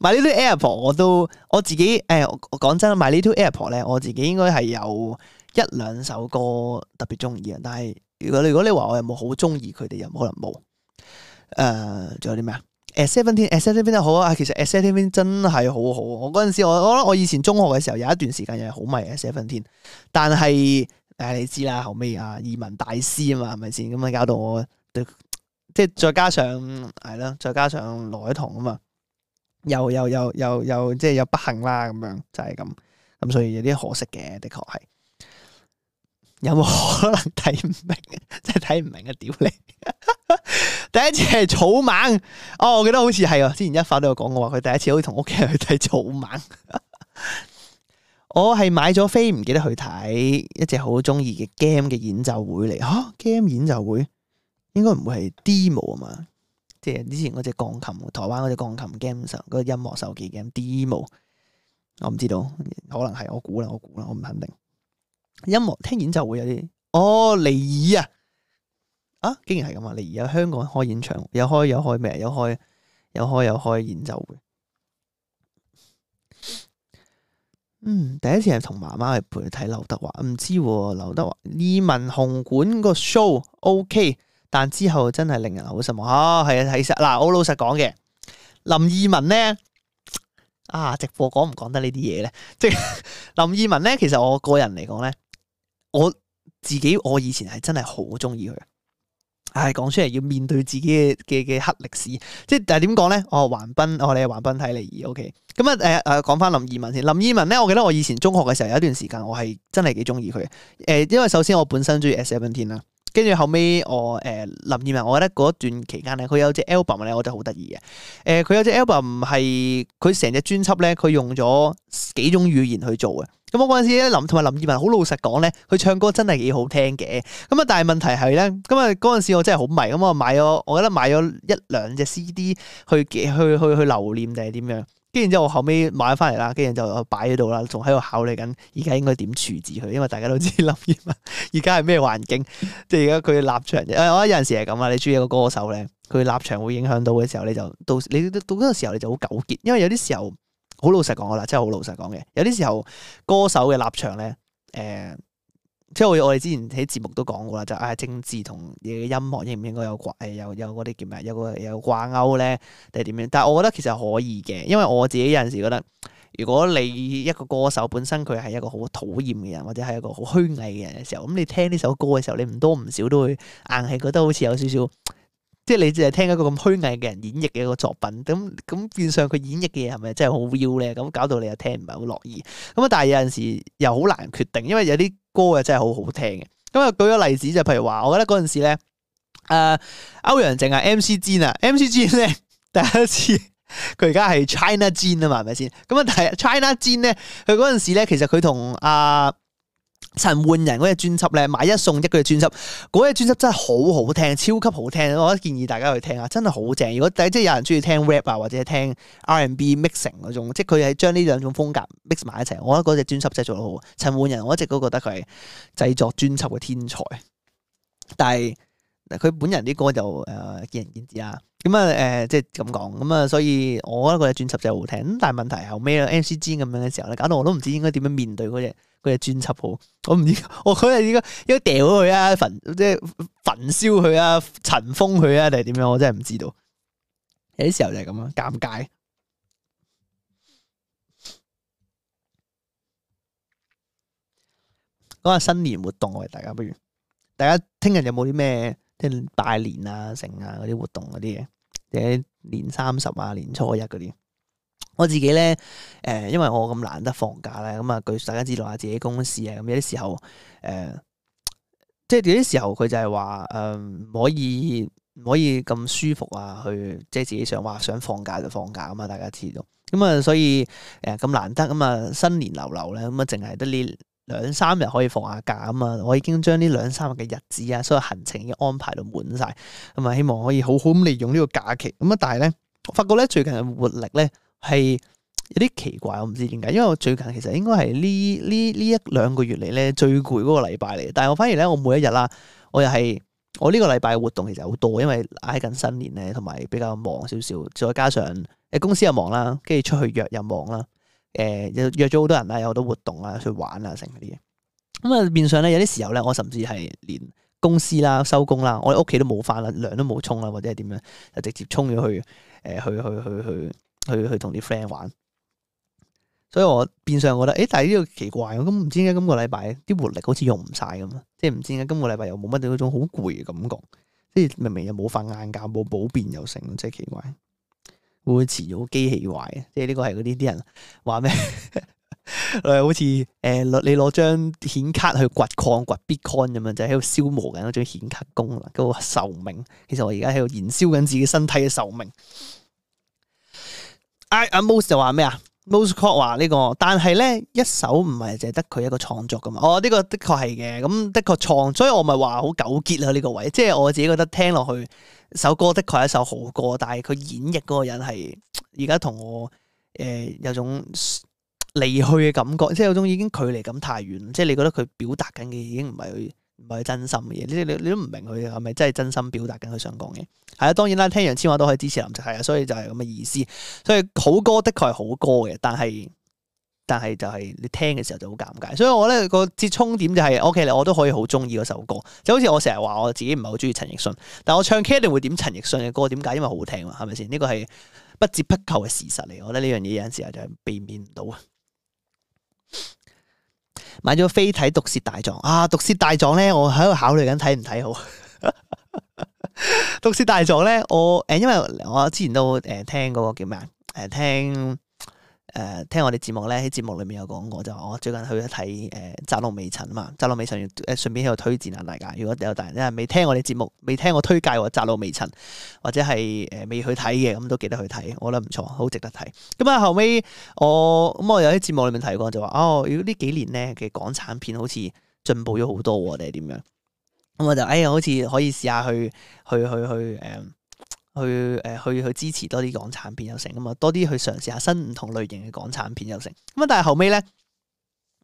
買呢堆 Apple 我都我自己，誒、哎，我講真啦，買呢啲 Apple 咧，我自己應該係有一兩首歌特別中意啊，但係。如果你如果你話我有冇好中意佢哋，有冇可能冇？誒、呃，仲有啲咩啊？誒，At 17，誒 At 17又好啊。其實 At 17真係好好。我嗰陣時，我我我以前中學嘅時候有一段時間又係好迷 At 17，但係誒、呃、你知啦，後尾啊移民大師啊嘛，係咪先？咁、嗯、啊搞到我對，即係再加上係啦，再加上盧凱彤啊嘛，又又又又又，又即係又不幸啦咁樣，就係、是、咁。咁、嗯、所以有啲可惜嘅，的確係。有冇可能睇唔明？真係睇唔明嘅，屌你！第一次係草蜢，哦，我記得好似係哦，之前一發都有講過話，佢第一次好似同屋企人去睇草蜢。 我係買咗飛唔記得去睇，一隻好中意嘅 game 嘅演奏會嚟，吓、啊、game 演奏會應該唔會係 demo 啊嘛，即係之前嗰隻鋼琴，台灣嗰隻鋼琴 game 上嗰個音樂手機 game demo，我唔知道，可能係我估啦，我估啦，我唔肯定。音樂聽演奏會有啲哦，尼爾啊，啊竟然係咁啊！尼爾香港開演唱會有開有開咩？有開有開又開，開演奏會。嗯，第一次係同媽媽去陪佢睇劉德華，唔知劉、啊、德華二汶紅館個 show OK，但之後真係令人好失望。哦，係啊，其實嗱，我老實講嘅林二汶呢。啊！直播講唔講得呢啲嘢咧？即係林二汶咧，其實我個人嚟講咧，我自己我以前係真係好中意佢。唉、哎，講出嚟要面對自己嘅嘅嘅黑歷史，即係但係點講咧？哦，環斌，我哋係環斌睇嚟，O K。咁啊誒誒講翻林二汶先，林二汶咧，我記得我以前中學嘅時候有一段時間我，我係真係幾中意佢嘅。誒，因為首先我本身中意 S Seventeen 啦。跟住後尾我誒、呃、林二汶，我覺得嗰、呃、一段期間咧，佢有隻 album 咧，我覺得好得意嘅。誒，佢有隻 album 係佢成隻專輯咧，佢用咗幾種語言去做嘅。咁我嗰陣時咧，林同埋林二汶好老實講咧，佢唱歌真係幾好聽嘅。咁、嗯、啊，但係問題係咧，咁啊嗰陣時我真係好迷，咁、嗯、我買咗，我覺得買咗一兩隻 CD 去去去去，去留念定係點樣？跟住之後，我後尾買咗翻嚟啦，跟住就擺喺度啦，仲喺度考慮緊，而家應該點處置佢？因為大家都知林峯啊，而家係咩環境？即係而家佢立場，哎、我覺得有陣時係咁啊！你鍾意個歌手咧，佢立場會影響到嘅時候，你就你你到你到嗰個時候，你就好糾結。因為有啲時候，好老實講啦，真係好老實講嘅，有啲時候歌手嘅立場咧，誒、呃。即係我哋之前喺節目都講過啦，就誒、係、政治同音樂應唔應該有掛有有嗰啲叫咩有個有掛鈎咧定係點樣？但係我覺得其實可以嘅，因為我自己有陣時覺得，如果你一個歌手本身佢係一個好討厭嘅人，或者係一個好虛偽嘅人嘅時候，咁、嗯、你聽呢首歌嘅時候，你唔多唔少都會硬係覺得好似有少少。即係你淨係聽一個咁虛偽嘅人演繹嘅一個作品，咁咁變相佢演繹嘅嘢係咪真係好 view 咧？咁搞到你又聽唔係好樂意。咁啊，但係有陣時又好難決定，因為有啲歌啊真係好好聽嘅。咁啊，舉個例子就是、譬如話，我覺得嗰陣時咧，誒、呃，歐陽靖係 M C 尖啊，M C 尖咧第一次佢而家係 China 尖啊嘛，係咪先？咁啊，但係 China 尖咧，佢嗰陣時咧，其實佢同阿。呃陳煥仁嗰隻專輯咧，買一送一嗰隻專輯，嗰隻專輯真係好好聽，超級好聽，我建議大家去聽下，真係好正。如果即係有人中意聽 rap 啊，或者聽 R&B mixing 嗰種，即係佢係將呢兩種風格 mix 埋一齊，我覺得嗰隻專輯製作得好。陳煥仁我一直都覺得佢係製作專輯嘅天才，但係佢本人啲歌就誒、呃、見仁見智啊。咁啊誒，即係咁講咁啊，所以我覺得佢嘅專輯就好聽。但係問題後尾啊 MCG 咁樣嘅時候咧，搞到我都唔知應該點樣面對嗰隻。嗰隻專輯簿，我唔知，我覺得應該掉咗佢啊，焚即係焚燒佢啊，塵封佢啊，定係點樣？我真係唔知道。有啲時候就係咁樣啊，尷尬。講下 新年活動啊，大家不如，大家聽日有冇啲咩即係拜年啊、剩啊嗰啲活動嗰啲嘢，或者年三十啊、年初一嗰啲。我自己咧，誒，因為我咁難得放假咧，咁啊，據大家知道下自己公司啊，咁有啲時候，誒、呃，即係有啲時候佢就係話，誒、呃，唔可以唔可以咁舒服啊，去即係自己想話想放假就放假啊嘛，大家知道，咁、嗯、啊，所以誒咁、呃、難得咁啊，新年流流咧，咁啊，淨係得呢兩三日可以放下假啊嘛，我已經將呢兩三日嘅日子啊，所有行程已經安排到滿晒。咁啊，希望可以好好咁利用呢個假期，咁啊，但係咧，我發覺咧最近嘅活力咧。係有啲奇怪，我唔知點解，因為我最近其實應該係呢呢呢一兩個月嚟，咧最攰嗰個禮拜嚟，但係我反而咧我每一日啦，我又係我呢個禮拜嘅活動其實好多，因為挨緊新年咧，同埋比較忙少少，再加上誒公司又忙啦，跟住出去約又忙啦，誒、呃、又約咗好多人啦，有好多活動啊，去玩啊，成嗰啲嘢。咁、嗯、啊，面上咧有啲時候咧，我甚至係連公司啦收工啦，我哋屋企都冇返啦，涼都冇沖啦，或者係點樣就直接沖咗去誒去去去去。呃去去去去去去去去去同啲 friend 玩，所以我變相覺得，誒，但係呢個奇怪，咁唔知點解今個禮拜啲活力好似用唔晒咁啊！即係唔知點解今個禮拜又冇乜嗰種好攰嘅感覺，即係明明又冇瞓晏覺，冇補眠又成，即係奇怪。會唔會遲早機器壞啊？即係呢個係嗰啲啲人話咩？ 好似誒、呃，你攞張顯卡去掘礦掘 Bitcoin 咁啊，就喺、是、度消磨緊嗰種顯卡功能嗰個壽命。其實我而家喺度燃燒緊自己身體嘅壽命。阿 Most 就話咩啊？Most Core 話呢個，但係咧一首唔係淨係得佢一個創作噶嘛？哦，呢個的確係嘅，咁的確創，所以我咪話好糾結啦呢個位，即係我自己覺得聽落去首歌的確係一首好歌，但係佢演繹嗰個人係而家同我誒有種離去嘅感覺，即係有種已經距離感太遠，即係你覺得佢表達緊嘅已經唔係。唔係真心嘅嘢，你你你都唔明佢係咪真係真心表達緊佢想講嘅。係啊，當然啦，聽楊千嬅都可以支持林夕，係啊，所以就係咁嘅意思。所以好歌的確係好歌嘅，但係但係就係你聽嘅時候就好尷尬。所以我咧個接衝點就係，O K，我都可以好中意嗰首歌，就好似我成日話我自己唔係好中意陳奕迅，但我唱 K 一定會點陳奕迅嘅歌，點解？因為好好聽嘛，係咪先？呢個係不折不扣嘅事實嚟，我覺得呢樣嘢有陣時候就避免唔到啊。買咗飛睇毒舌大狀啊！毒舌大狀咧，我喺度考慮緊睇唔睇好。 毒舌大狀咧，我誒、呃，因為我之前都誒、呃、聽嗰個叫咩誒、呃、聽。誒、呃、聽我哋節目咧，喺節目裏面有講過，就我最近去咗睇誒《窄路微塵》啊嘛，《窄路微塵》誒順便喺度推薦下大家。如果有大人，真係未聽我哋節目，未聽我推介《窄路微塵》，或者係誒、呃、未去睇嘅，咁、嗯、都記得去睇，我覺得唔錯，好值得睇。咁、嗯、啊，後尾、嗯，我咁我有喺節目裏面提過，就話哦，呢幾年咧嘅港產片好似進步咗好多、哦，定係點樣？咁、嗯、我就誒、哎、好似可以試下去，去去去誒。去去去嗯去誒，去、呃、去支持多啲港產片又成噶嘛，多啲去嘗試下新唔同類型嘅港產片又成。咁啊，但係後尾咧，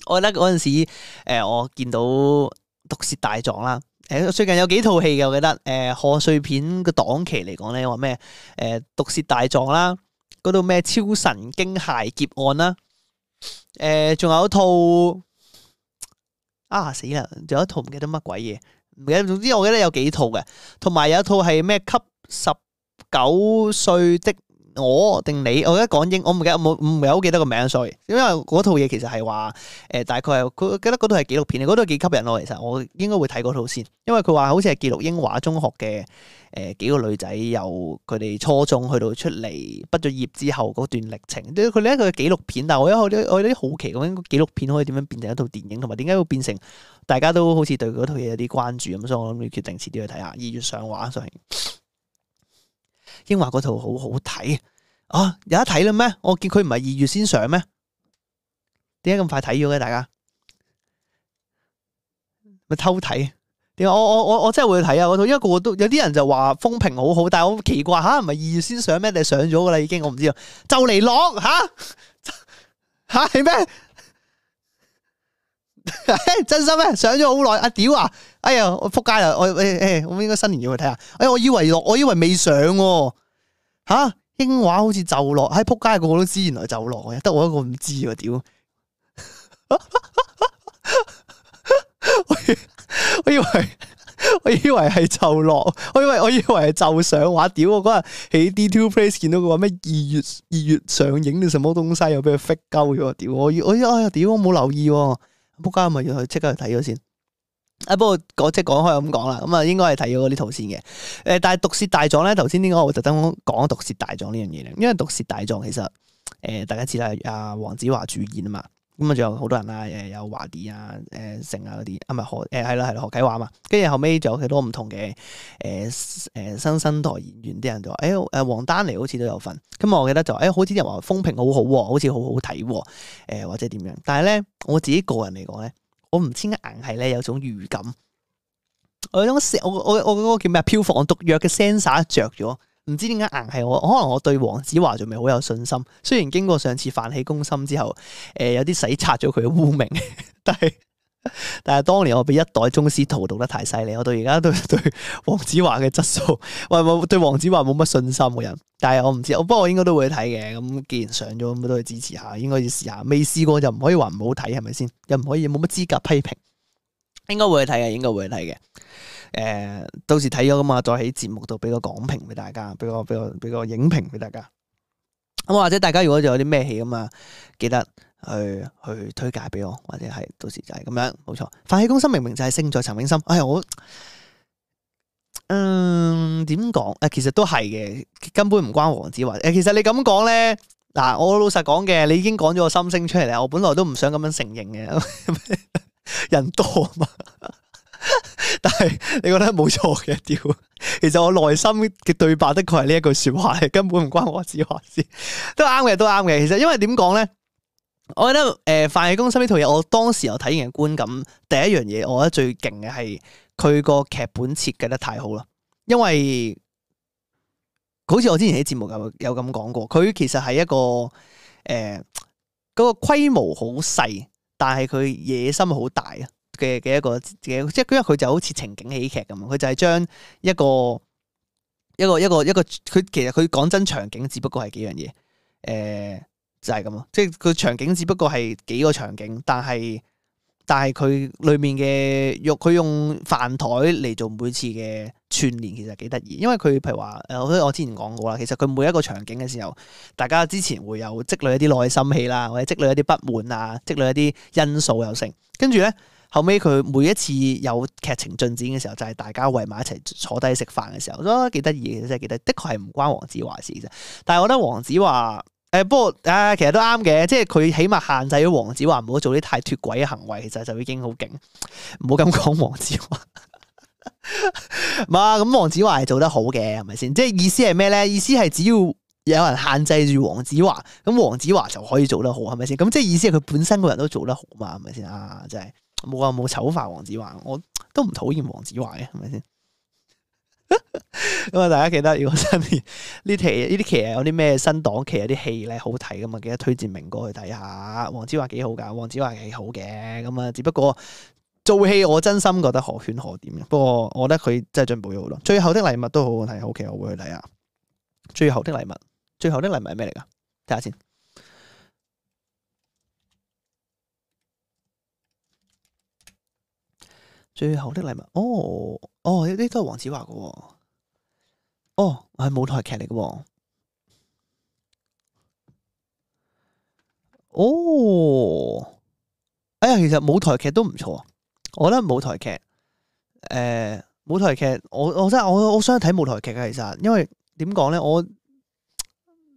我記得嗰陣時，誒、呃，我見到毒舌大狀啦，誒、呃，最近有幾套戲嘅，我記得，誒、呃，賀歲片嘅檔期嚟講咧，話咩，誒、呃，毒舌大狀啦，嗰套咩超神經械劫案啦，誒、呃，仲有一套，啊死啦，仲有一套唔記得乜鬼嘢，唔記得，總之我記得有幾套嘅，同埋有一套係咩吸十。九歲的我定你，我而家講英，我唔記得，唔係好記得個名，sorry。因為嗰套嘢其實係話，誒、呃、大概係，佢記得嗰套係紀錄片，嗰套幾吸引我，其實我應該會睇嗰套先。因為佢話好似係記錄英華中學嘅誒、呃、幾個女仔由佢哋初中去到出嚟畢咗業之後嗰段歷程。佢呢一個紀錄片，但係我，我有啲我有啲好奇，咁紀錄片可以點樣變成一套電影？同埋點解會變成大家都好似對嗰套嘢有啲關注咁，所以我諗要決定遲啲去睇下，二月上畫 s 英華嗰套好好睇啊！有得睇啦咩？我見佢唔係二月先上咩？點解咁快睇咗嘅？大家咪偷睇？點解我我我我真係會睇啊！嗰套因為個個都有啲人就話風評好好，但係我好奇怪吓，唔係二月先上咩？你上咗噶啦？已經我唔知啦，就嚟落吓吓係咩？啊 啊 真心咩？上咗好耐，啊屌啊！哎呀，我扑街啊！我誒誒、哎哎，我應該新年要去睇下。哎我以為落，我以為未上吓、啊啊。英話好似就落，喺、哎、扑街個個都知，原來就落嘅，得我一個唔知啊！屌、啊， 我以為我以為係就落，我以為我以為係就上畫、啊、屌。我嗰日喺 D Two Place 見到佢話咩二月二月上映嘅什麼東西又、啊，又俾佢揈鳩咗。屌，我我呀屌，我、哎、冇、啊啊、留意、啊。仆街係咪要去即刻去睇咗先？啊，不過我即係講開咁講啦，咁啊應該係睇咗嗰啲圖先嘅。誒、呃，但係《毒舌大狀》咧，頭先呢個我會特登講《毒舌大狀》呢樣嘢咧，因為《毒舌大狀》其實誒、呃，大家知道啦阿黃子華主演啊嘛。咁啊，仲有好多人啊，誒有華帝啊，誒成啊嗰啲，啊咪何誒係啦係啦何啟華嘛，跟住後尾仲有幾多唔同嘅誒誒新生代演員啲人就話，誒誒王丹妮好似都有份，咁啊我記得就誒、欸、好似人話風評好好、啊、喎，好似好好睇喎，或者點樣，但係咧我自己個人嚟講咧，我唔知硬係咧有種預感，我有種我我我嗰個叫咩啊票房毒藥嘅 sensor 著咗。唔知點解硬係我，可能我對黃子華仲未好有信心。雖然經過上次飯戲攻心之後，誒、呃、有啲洗刷咗佢嘅污名， 但係但係當年我俾一代宗師荼毒得太犀利，我到而家都對黃子華嘅質素，喂冇對黃子華冇乜信心嘅人。但係我唔知，我不，不過我應該都會睇嘅。咁既然上咗，咁都去支持下，應該要試下。未試過就唔可以話唔好睇，係咪先？又唔可以冇乜資格批評，應該會睇嘅，應該會睇嘅。誒，到時睇咗噶嘛，再喺節目度俾個講評俾大家，俾個俾個俾個影評俾大家。咁、啊、或者大家如果有啲咩戲咁啊，記得去去推介俾我，或者係到時就係咁樣，冇錯。發起公心明明就係星在陳永森，哎呀，我，嗯，點講？誒、啊，其實都係嘅，根本唔關黃子華。誒、啊，其實你咁講咧，嗱，我老實講嘅，你已經講咗個心聲出嚟啦。我本來都唔想咁樣承認嘅， 人多啊嘛。 但係你覺得冇錯嘅屌， 其實我內心嘅對白的確係呢一句說話，根本唔關我事還事。都啱嘅，都啱嘅。其實因為點講咧，我覺得誒、呃，飯戲攻心呢套嘢，我當時有睇完嘅觀感，第一樣嘢我覺得最勁嘅係佢個劇本設計得太好啦，因為好似我之前喺節目有有咁講過，佢其實係一個誒嗰個規模好細，但係佢野心好大啊。嘅嘅一個嘅，即係因佢就好似情景喜劇咁啊。佢就係將一,一個一個一個一個佢其實佢講真場景，只不過係幾樣嘢誒，就係咁咯。即係佢場景只不過係幾、呃就是、幾個場景，但係但係佢裡面嘅喐佢用飯台嚟做每次嘅串連，其實幾得意。因為佢譬如話誒，我之前講過啦，其實佢每一個場景嘅時候，大家之前會有積累一啲內心氣啦，或者積累一啲不滿啊，積累一啲因素有成，跟住咧。後尾，佢每一次有劇情進展嘅時候，就係大家圍埋一齊坐低食飯嘅時候，啊，幾得意，真係幾得意。的確係唔關黃子華事啫。但係我覺得黃子華，誒、哎，不過誒、啊，其實都啱嘅。即係佢起碼限制咗黃子華唔好做啲太脫軌嘅行為，其實就已經好勁。唔好咁講黃子華。 啊，咁黃子華係做得好嘅，係咪先？即係意思係咩咧？意思係只要有人限制住黃子華，咁黃子華就可以做得好，係咪先？咁即係意思係佢本身個人都做得好嘛，係咪先啊？真係。冇啊！冇醜化黃子華，我都唔討厭黃子華嘅，係咪先？咁啊，大家記得如果新年新呢期呢啲劇有啲咩新檔期有啲戲咧好睇，咁啊，記得推薦明哥去睇下。黃子華幾好噶，黃子華戲好嘅，咁啊，只不過做戲我真心覺得可圈可點嘅。不過我覺得佢真係進步咗好多。最後的禮物都好好睇，好奇我會去睇啊。最後的禮物，最後的禮物係咩嚟噶？睇下先。最後的禮物，哦，哦，呢都係黃子華嘅，哦，係舞台劇嚟嘅，哦，哎呀，其實舞台劇都唔錯，我覺得舞台劇，誒、呃，舞台劇，我我真係我好想睇舞台劇嘅，其實，因為點講咧，我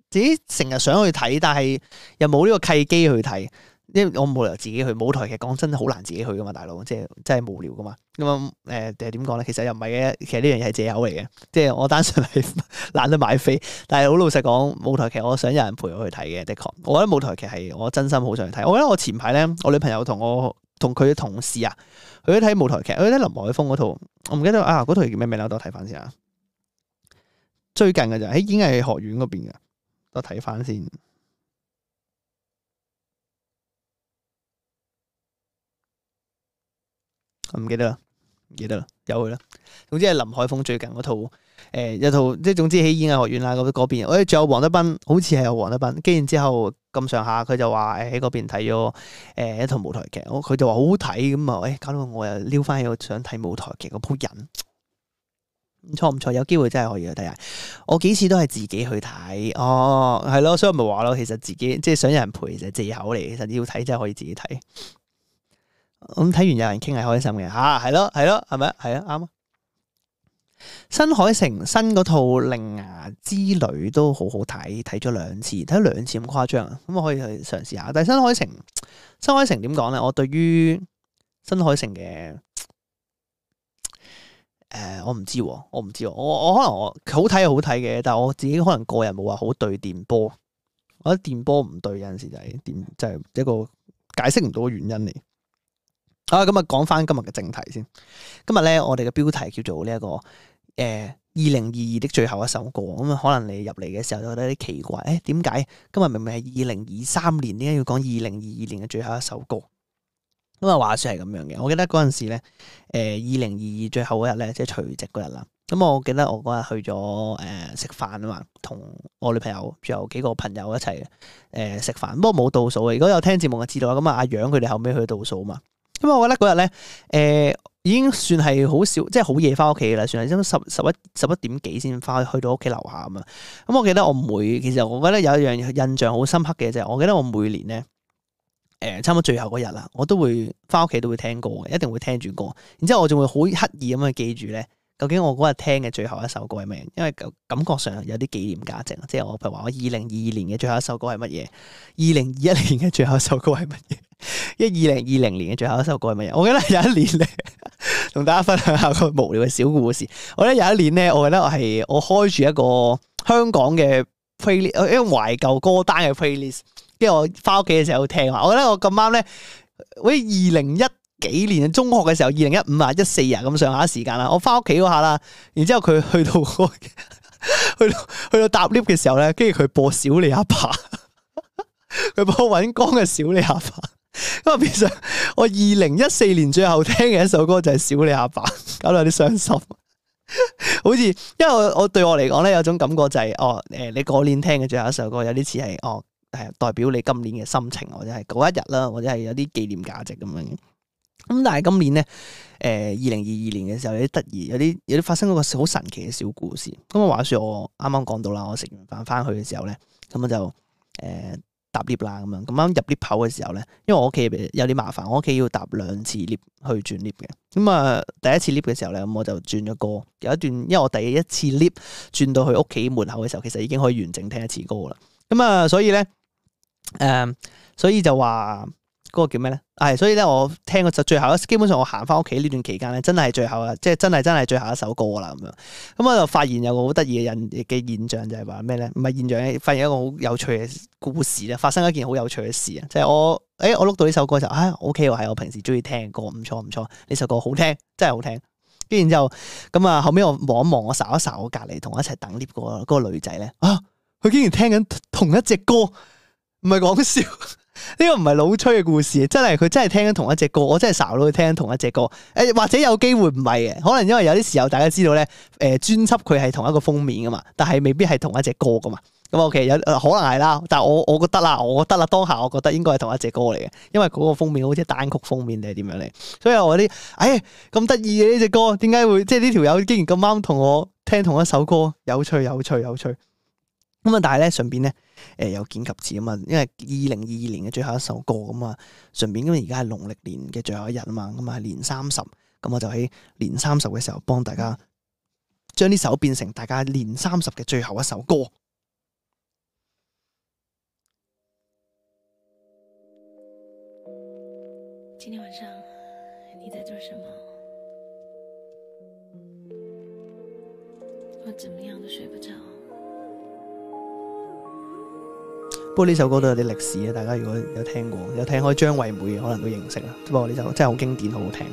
自己成日想去睇，但係又冇呢個契機去睇。因為我冇理由自己去舞台劇，講真好難自己去噶嘛，大佬，即係真係無聊噶嘛。咁、嗯、誒，定係點講咧？其實又唔係嘅，其實呢樣嘢係借口嚟嘅。即係我單純係懶得買飛，但係好老實講，舞台劇我想有人陪我去睇嘅，的確，我覺得舞台劇係我真心好想睇。我覺得我前排咧，我女朋友同我同佢嘅同事啊，佢都睇舞台劇，佢睇林海峰嗰套，我唔記得啊，嗰套叫咩名啦，我睇翻先啊。最近嘅就喺演藝學院嗰邊噶，我睇翻先。唔記得啦，唔記得啦，有佢啦。總之係林海峰最近嗰套誒，有套即係總之喺演藝學院啦嗰邊。誒，仲、哎、有黃德斌，好似係阿黃德斌。跟住之後咁上下，佢就話喺嗰邊睇咗誒一套舞台劇，佢就話好好睇咁啊。誒、哎，搞到我又撩翻起想睇舞台劇嗰鋪癮。唔錯唔錯，有機會真係可以去睇下。我幾次都係自己去睇，哦，係咯，所以咪話咯，其實自己即係想有人陪就借口嚟，其實要睇真係可以自己睇。咁睇完，有人傾係開心嘅，吓，係咯，係咯，係咪啊？係啊，啱啊。新海誠新嗰套《鈴芽之旅》，都好好睇，睇咗兩次，睇咗兩次咁誇張啊！咁、嗯、我可以去嘗試下。但係新海誠，新海誠點講咧？我對於新海誠嘅誒，我唔知、啊，我唔知、啊，我我可能我好睇又好睇嘅，但係我自己可能個人冇話好對電波，我覺得電波唔對，有陣時就係電，就係一個解釋唔到嘅原因嚟。好啦，咁啊、嗯，講翻今日嘅正題先。今日咧，我哋嘅標題叫做呢、這、一個誒，二零二二的最後一首歌。咁啊，可能你入嚟嘅時候都覺得有啲奇怪，誒、欸，點解今日明明係二零二三年，點解要講二零二二年嘅最後一首歌？咁啊，話說係咁樣嘅。我記得嗰陣時咧，誒、欸，二零二二最後嗰日咧，即係除夕嗰日啦。咁我記得我嗰日去咗誒食飯啊嘛，同我女朋友仲有幾個朋友一齊誒食飯。不過冇倒數，如果有聽節目嘅知道。咁啊，阿楊佢哋後尾去倒數啊嘛。咁我覺得嗰日咧，誒、呃、已經算係好少，即係好夜翻屋企嘅啦，算係差唔多十十一十一點幾先翻去到屋企樓下咁啊。咁我記得我每，其實我覺得有一樣印象好深刻嘅就係，我記得我每年咧，誒、呃、差唔多最後嗰日啦，我都會翻屋企都會聽歌嘅，一定會聽住歌，然之後我仲會好刻意咁去記住咧。究竟我嗰日聽嘅最後一首歌係咩？因為感感覺上有啲紀念價值，即係我譬如話我二零二二年嘅最後一首歌係乜嘢？二零二一年嘅最後一首歌係乜嘢？ 因為二零二零年嘅最後一首歌係乜嘢？我記得有一年咧，同 大家分享一下一個無聊嘅小故事。我記得有一年咧，我記得我係我開住一個香港嘅 p l 懷舊歌單嘅 playlist，跟住我翻屋企嘅時候聽啊。我記得我咁啱咧，好二零一。幾年，中學嘅時候，二零一五啊，一四啊咁上下時間啦。我翻屋企嗰下啦，然之後佢去到 去到去到搭 lift 嘅時候咧，跟住佢播小李阿爸，佢 播尹光嘅小李阿爸。因 為其實我二零一四年最後聽嘅一首歌就係小李阿爸， 搞到有啲傷心。 好似，因為我我對我嚟講咧，有種感覺就係、是、哦，誒、呃，你嗰年聽嘅最後一首歌有，有啲似係哦，係代表你今年嘅心情，或者係嗰一日啦，或者係有啲紀念價，價值咁樣。咁但係今年咧，誒二零二二年嘅時候有啲得意，有啲有啲發生嗰個好神奇嘅小故事。咁啊話説我啱啱講到啦，我食完飯翻去嘅時候咧，咁我就誒、呃、搭 lift 啦咁樣，咁啱入 lift 口嘅時候咧，因為我屋企有啲麻煩，我屋企要搭兩次 lift 去轉 lift 嘅。咁、嗯、啊、呃、第一次 lift 嘅時候咧，咁、嗯、我就轉咗歌，有一段因為我第一次 lift 轉到去屋企門口嘅時候，其實已經可以完整聽一次歌啦。咁、嗯、啊、呃、所以咧，誒、呃、所以就話。嗰個叫咩咧？係、啊，所以咧，我聽過最最後咧，基本上我行翻屋企呢段期間咧，真係最後啊！即係真係真係最後一首歌啦咁樣。咁我就發現有個好得意嘅印嘅現象，就係話咩咧？唔係現象，發現一個好有趣嘅故事啦！發生一件好有趣嘅事啊！就係、是、我誒、欸，我錄到呢首歌嘅時候，啊，OK 啊，係我平時中意聽嘅歌，唔錯唔錯，呢首歌好聽，真係好聽。跟住然之後，咁啊，後尾我望一望，我掃一掃我隔籬同我一齊等 lift 嗰個女仔咧，啊，佢竟然聽緊同一隻歌，唔係講笑。呢個唔係老吹嘅故事，真係佢真係聽同一隻歌，我真係傻到聽同一隻歌。誒，或者有機會唔係嘅，可能因為有啲時候大家知道咧，誒、呃，專輯佢係同一個封面噶嘛，但係未必係同一隻歌噶嘛。咁、嗯、啊，OK、呃、可能係啦，但係我我覺，我覺得啦，我覺得啦，當下我覺得應該係同一隻歌嚟嘅，因為嗰個封面好似單曲封面定係點樣嚟。所以我覺得，哎，咁得意嘅呢隻歌，點解會即係呢條友竟然咁啱同我聽同一首歌？有趣，有趣，有趣。咁啊，但係咧，順便咧。誒、呃，有見及此啊嘛，因為二零二二年嘅最後一首歌咁啊，順、嗯、便因為咁而家係農曆年嘅最後一日啊嘛，咁啊係年三十、嗯，咁我就喺年三十嘅時候幫大家將呢首變成大家年三十嘅最後一首歌。今天晚上，你在做什麼？我怎麼樣都睡不着。呢首歌都有啲歷史啊！大家如果有聽過，有聽開張惠妹嘅，可能都認識啦。不過呢首真係好經典，好好聽。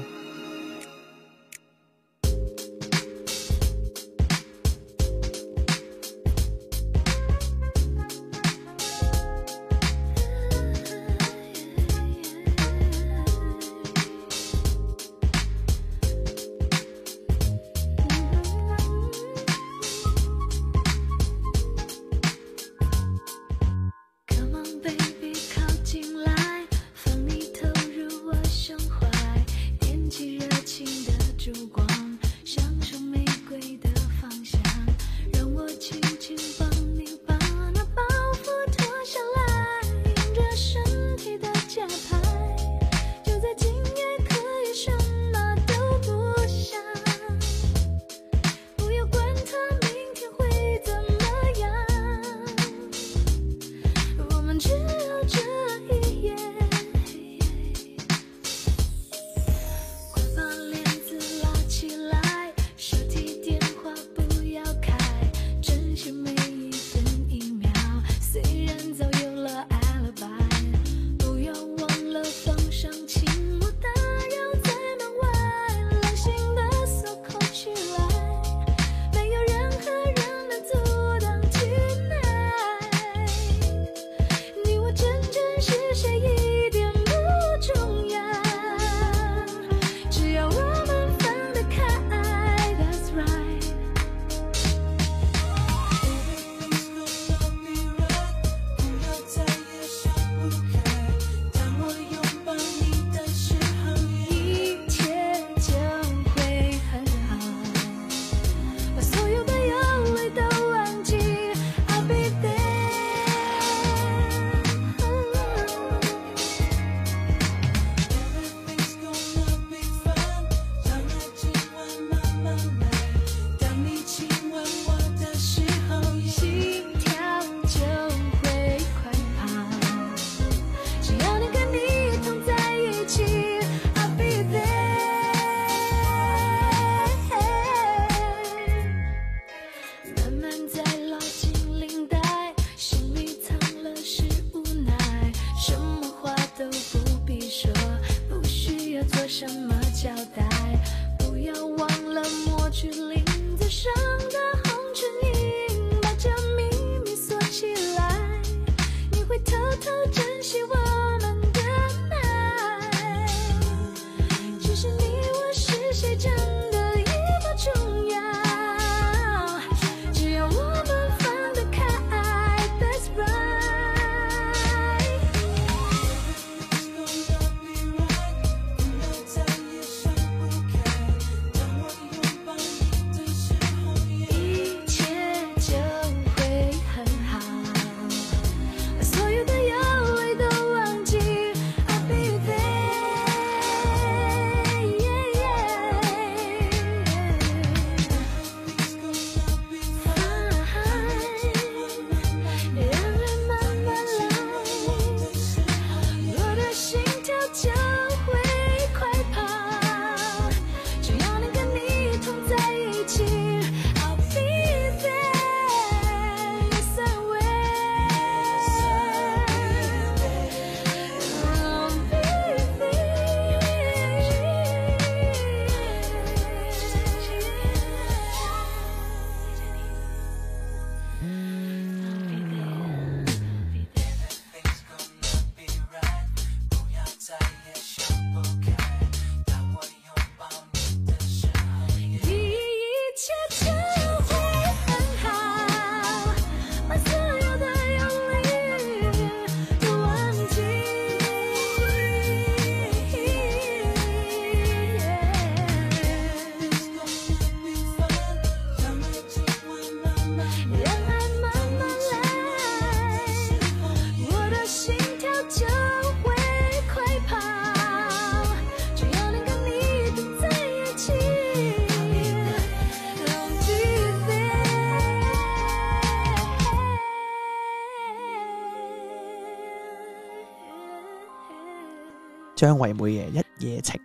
張惠妹嘅《一夜情》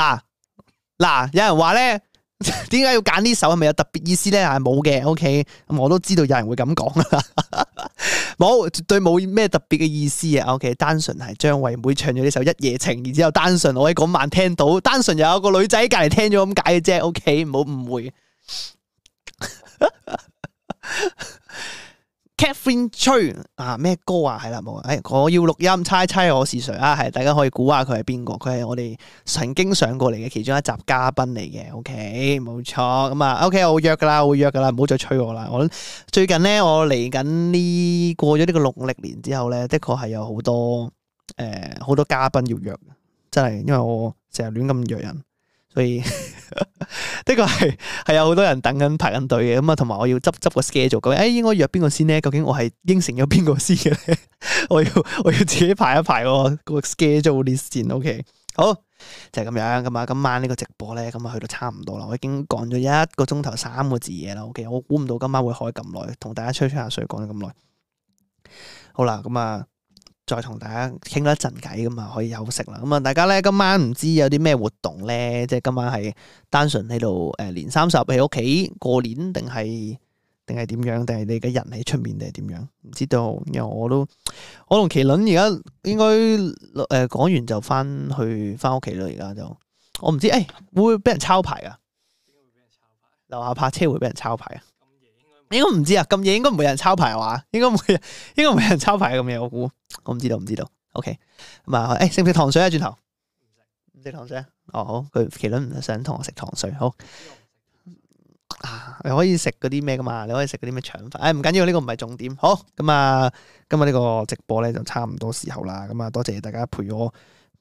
啊，嗱嗱，有人話咧，點解要揀呢首係咪有特別意思咧？係冇嘅，O K，我都知道有人會咁講啦，冇， 絕對冇咩特別嘅意思嘅，O K，單純係張惠妹唱咗呢首《一夜情》，然之後單純我喺嗰晚聽到，單純又有一個女仔隔籬聽咗咁解嘅啫，O K，唔好誤會。 Katherine 吹啊咩歌啊？係啦冇，哎我要錄音，猜猜，猜我是誰啊，係大家可以估下佢係邊個，佢係我哋曾經上過嚟嘅其中一集嘉賓嚟嘅，OK 冇錯咁啊，OK 我約噶啦，我會約噶啦，唔好再催我啦。我最近咧，我嚟緊呢過咗呢個農曆年之後咧，的確係有好多誒好、呃、多嘉賓要約，真係因為我成日亂咁約人，所以。 的確係係有好多人等緊排緊隊嘅，咁啊，同埋我要執執個 schedule，究竟誒應該約邊個先咧？究竟我係應承咗邊個先嘅咧？ 我要我要自己排一排個 schedule list 先。OK，好就係咁樣咁嘛。今晚呢個直播咧，咁啊去到差唔多啦。我已經講咗一個鐘頭三個字嘢啦。OK，我估唔到今晚會開咁耐，同大家吹吹下水，講咗咁耐。好啦，咁啊。再同大家傾多一陣偈咁啊，可以休息啦。咁啊，大家咧今晚唔知有啲咩活動咧，即係今晚係單純喺度誒年三十喺屋企過年，定係定係點樣？定係你嘅人喺出面定係點樣？唔知道，因為我都我同麒麟而家應該誒、呃、講完就翻去翻屋企啦。而家就我唔知，誒、欸、會唔會俾人抄牌啊？點解會俾人抄牌？樓下泊車會俾人抄牌啊？應該唔知啊，咁嘢應該冇人抄牌哇？應該冇，應該冇人抄牌咁嘢，我估我唔知道，唔知道。OK，咁啊，誒、欸，食唔食糖水啊？轉頭食糖水啊？哦，好，佢麒麟唔想同我食糖水，好啊、嗯，你可以食嗰啲咩噶嘛？你可以食嗰啲咩腸粉？誒，唔緊要，呢、這個唔係重點。好，咁、嗯、啊、嗯，今日呢個直播咧就差唔多時候啦。咁、嗯、啊，多謝大家陪我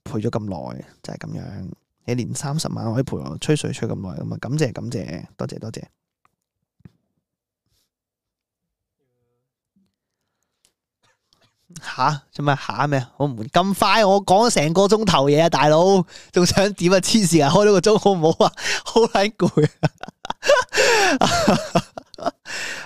陪咗咁耐，就係、是、咁樣，你年三十晚可以陪我吹水吹咁耐，咁、嗯、啊，感謝感謝，多謝多謝。吓做咩？吓咩啊？好唔咁快，我講成個鐘頭嘢啊！大佬，仲想點 啊？黐線啊！開咗個鐘好唔好啊？好鬼攰。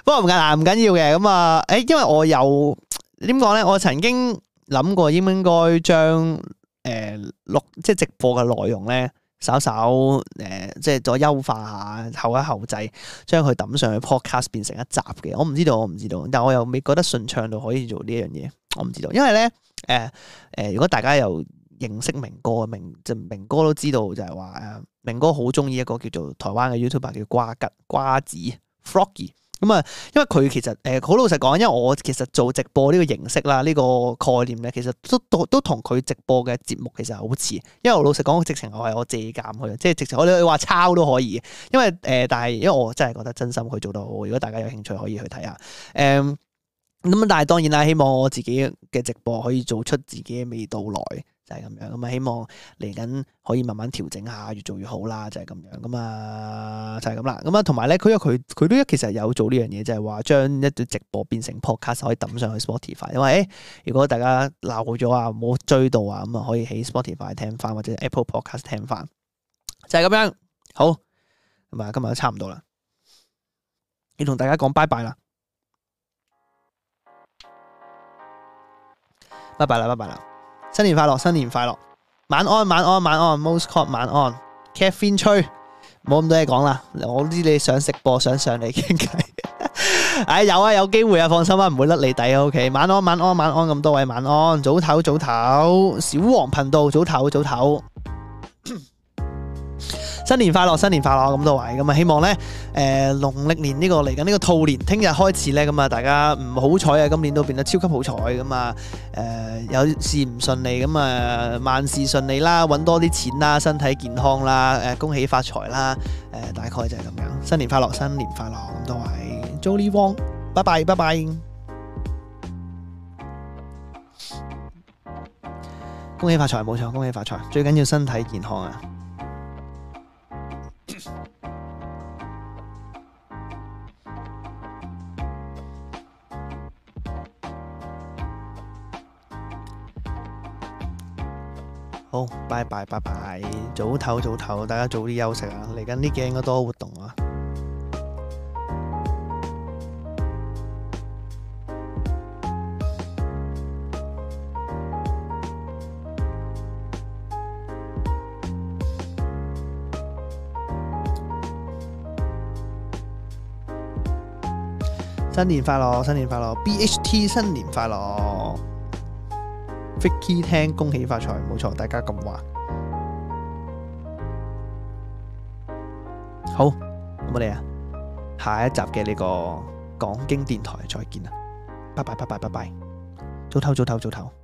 不過唔緊嗱，唔緊要嘅。咁啊，誒，因為我又點講咧？我曾經諗過應唔應該將誒錄即係直播嘅內容咧，稍稍誒、呃、即係再優化下，後一後製，將佢抌上去 podcast 變成一集嘅。我唔知道，我唔知道，但我又未覺得順暢到可以做呢一樣嘢。我唔知道，因為咧，誒、呃、誒、呃，如果大家又認識明哥，明就明哥都知道，就係話誒，明哥好中意一個叫做台灣嘅 YouTuber 叫瓜吉瓜子 Froggy，咁啊、嗯，因為佢其實誒好、呃、老實講，因為我其實做直播呢個形式啦，呢、呢個概念咧，其實都都同佢直播嘅節目其實係好似，因為我老實講，直情我係我借鑒佢，即係直情我哋話抄都可以，因為誒、呃，但係因為我真係覺得真心佢做得好，如果大家有興趣可以去睇下，誒、嗯。咁但係當然啦，希望我自己嘅直播可以做出自己嘅味道來，就係咁樣。咁啊，希望嚟緊可以慢慢調整下，越做越好啦，就係咁樣。咁啊，就係咁啦。咁啊，同埋咧，佢佢佢都其實有做呢樣嘢，就係話將一段直播變成 podcast 可以抌上去 Spotify。因為誒，如果大家漏咗啊，冇追到啊，咁啊，可以喺 Spotify 聽翻，或者 Apple Podcast 聽翻，就係咁樣。好，咁啊，今日都差唔多啦，要同大家講拜拜啦。拜拜啦，拜拜啦！新年快樂，新年快樂，晚安晚安晚安，Mostcall 晚安，caffeine 吹，冇咁多嘢講啦。我知你想食播，想上嚟傾偈。唉、 哎，有啊，有機會啊，放心啊，唔會甩你底嘅。OK，晚安晚安晚安，咁多位晚安，早唞早唞，小黃頻道早唞早唞。早新年快樂，新年快樂，咁多位，咁啊希望咧，誒、呃，農曆年呢、呢個嚟緊呢個兔年，聽日開始咧，咁啊大家唔好彩啊，今年都變得超級好彩，咁啊誒有事唔順利，咁啊萬事順利啦，揾多啲錢啦，身體健康啦，誒、呃、恭喜發財啦，誒、呃、大概就係咁樣，新年快樂，新年快樂，咁多位 Joey Wong 拜拜，拜拜，恭喜發財冇錯，恭喜發財，最緊要身體健康啊！拜拜拜拜，早唞早唞，大家早啲休息啊！嚟緊呢幾日應該多活動啊！新年快樂，新年快樂，BHT 新年快樂！Vicky 聽恭喜發財，冇錯，大家咁話好，咁我哋啊下一集嘅呢個講經電台再見啦，拜拜拜拜拜拜，早唞早唞早唞。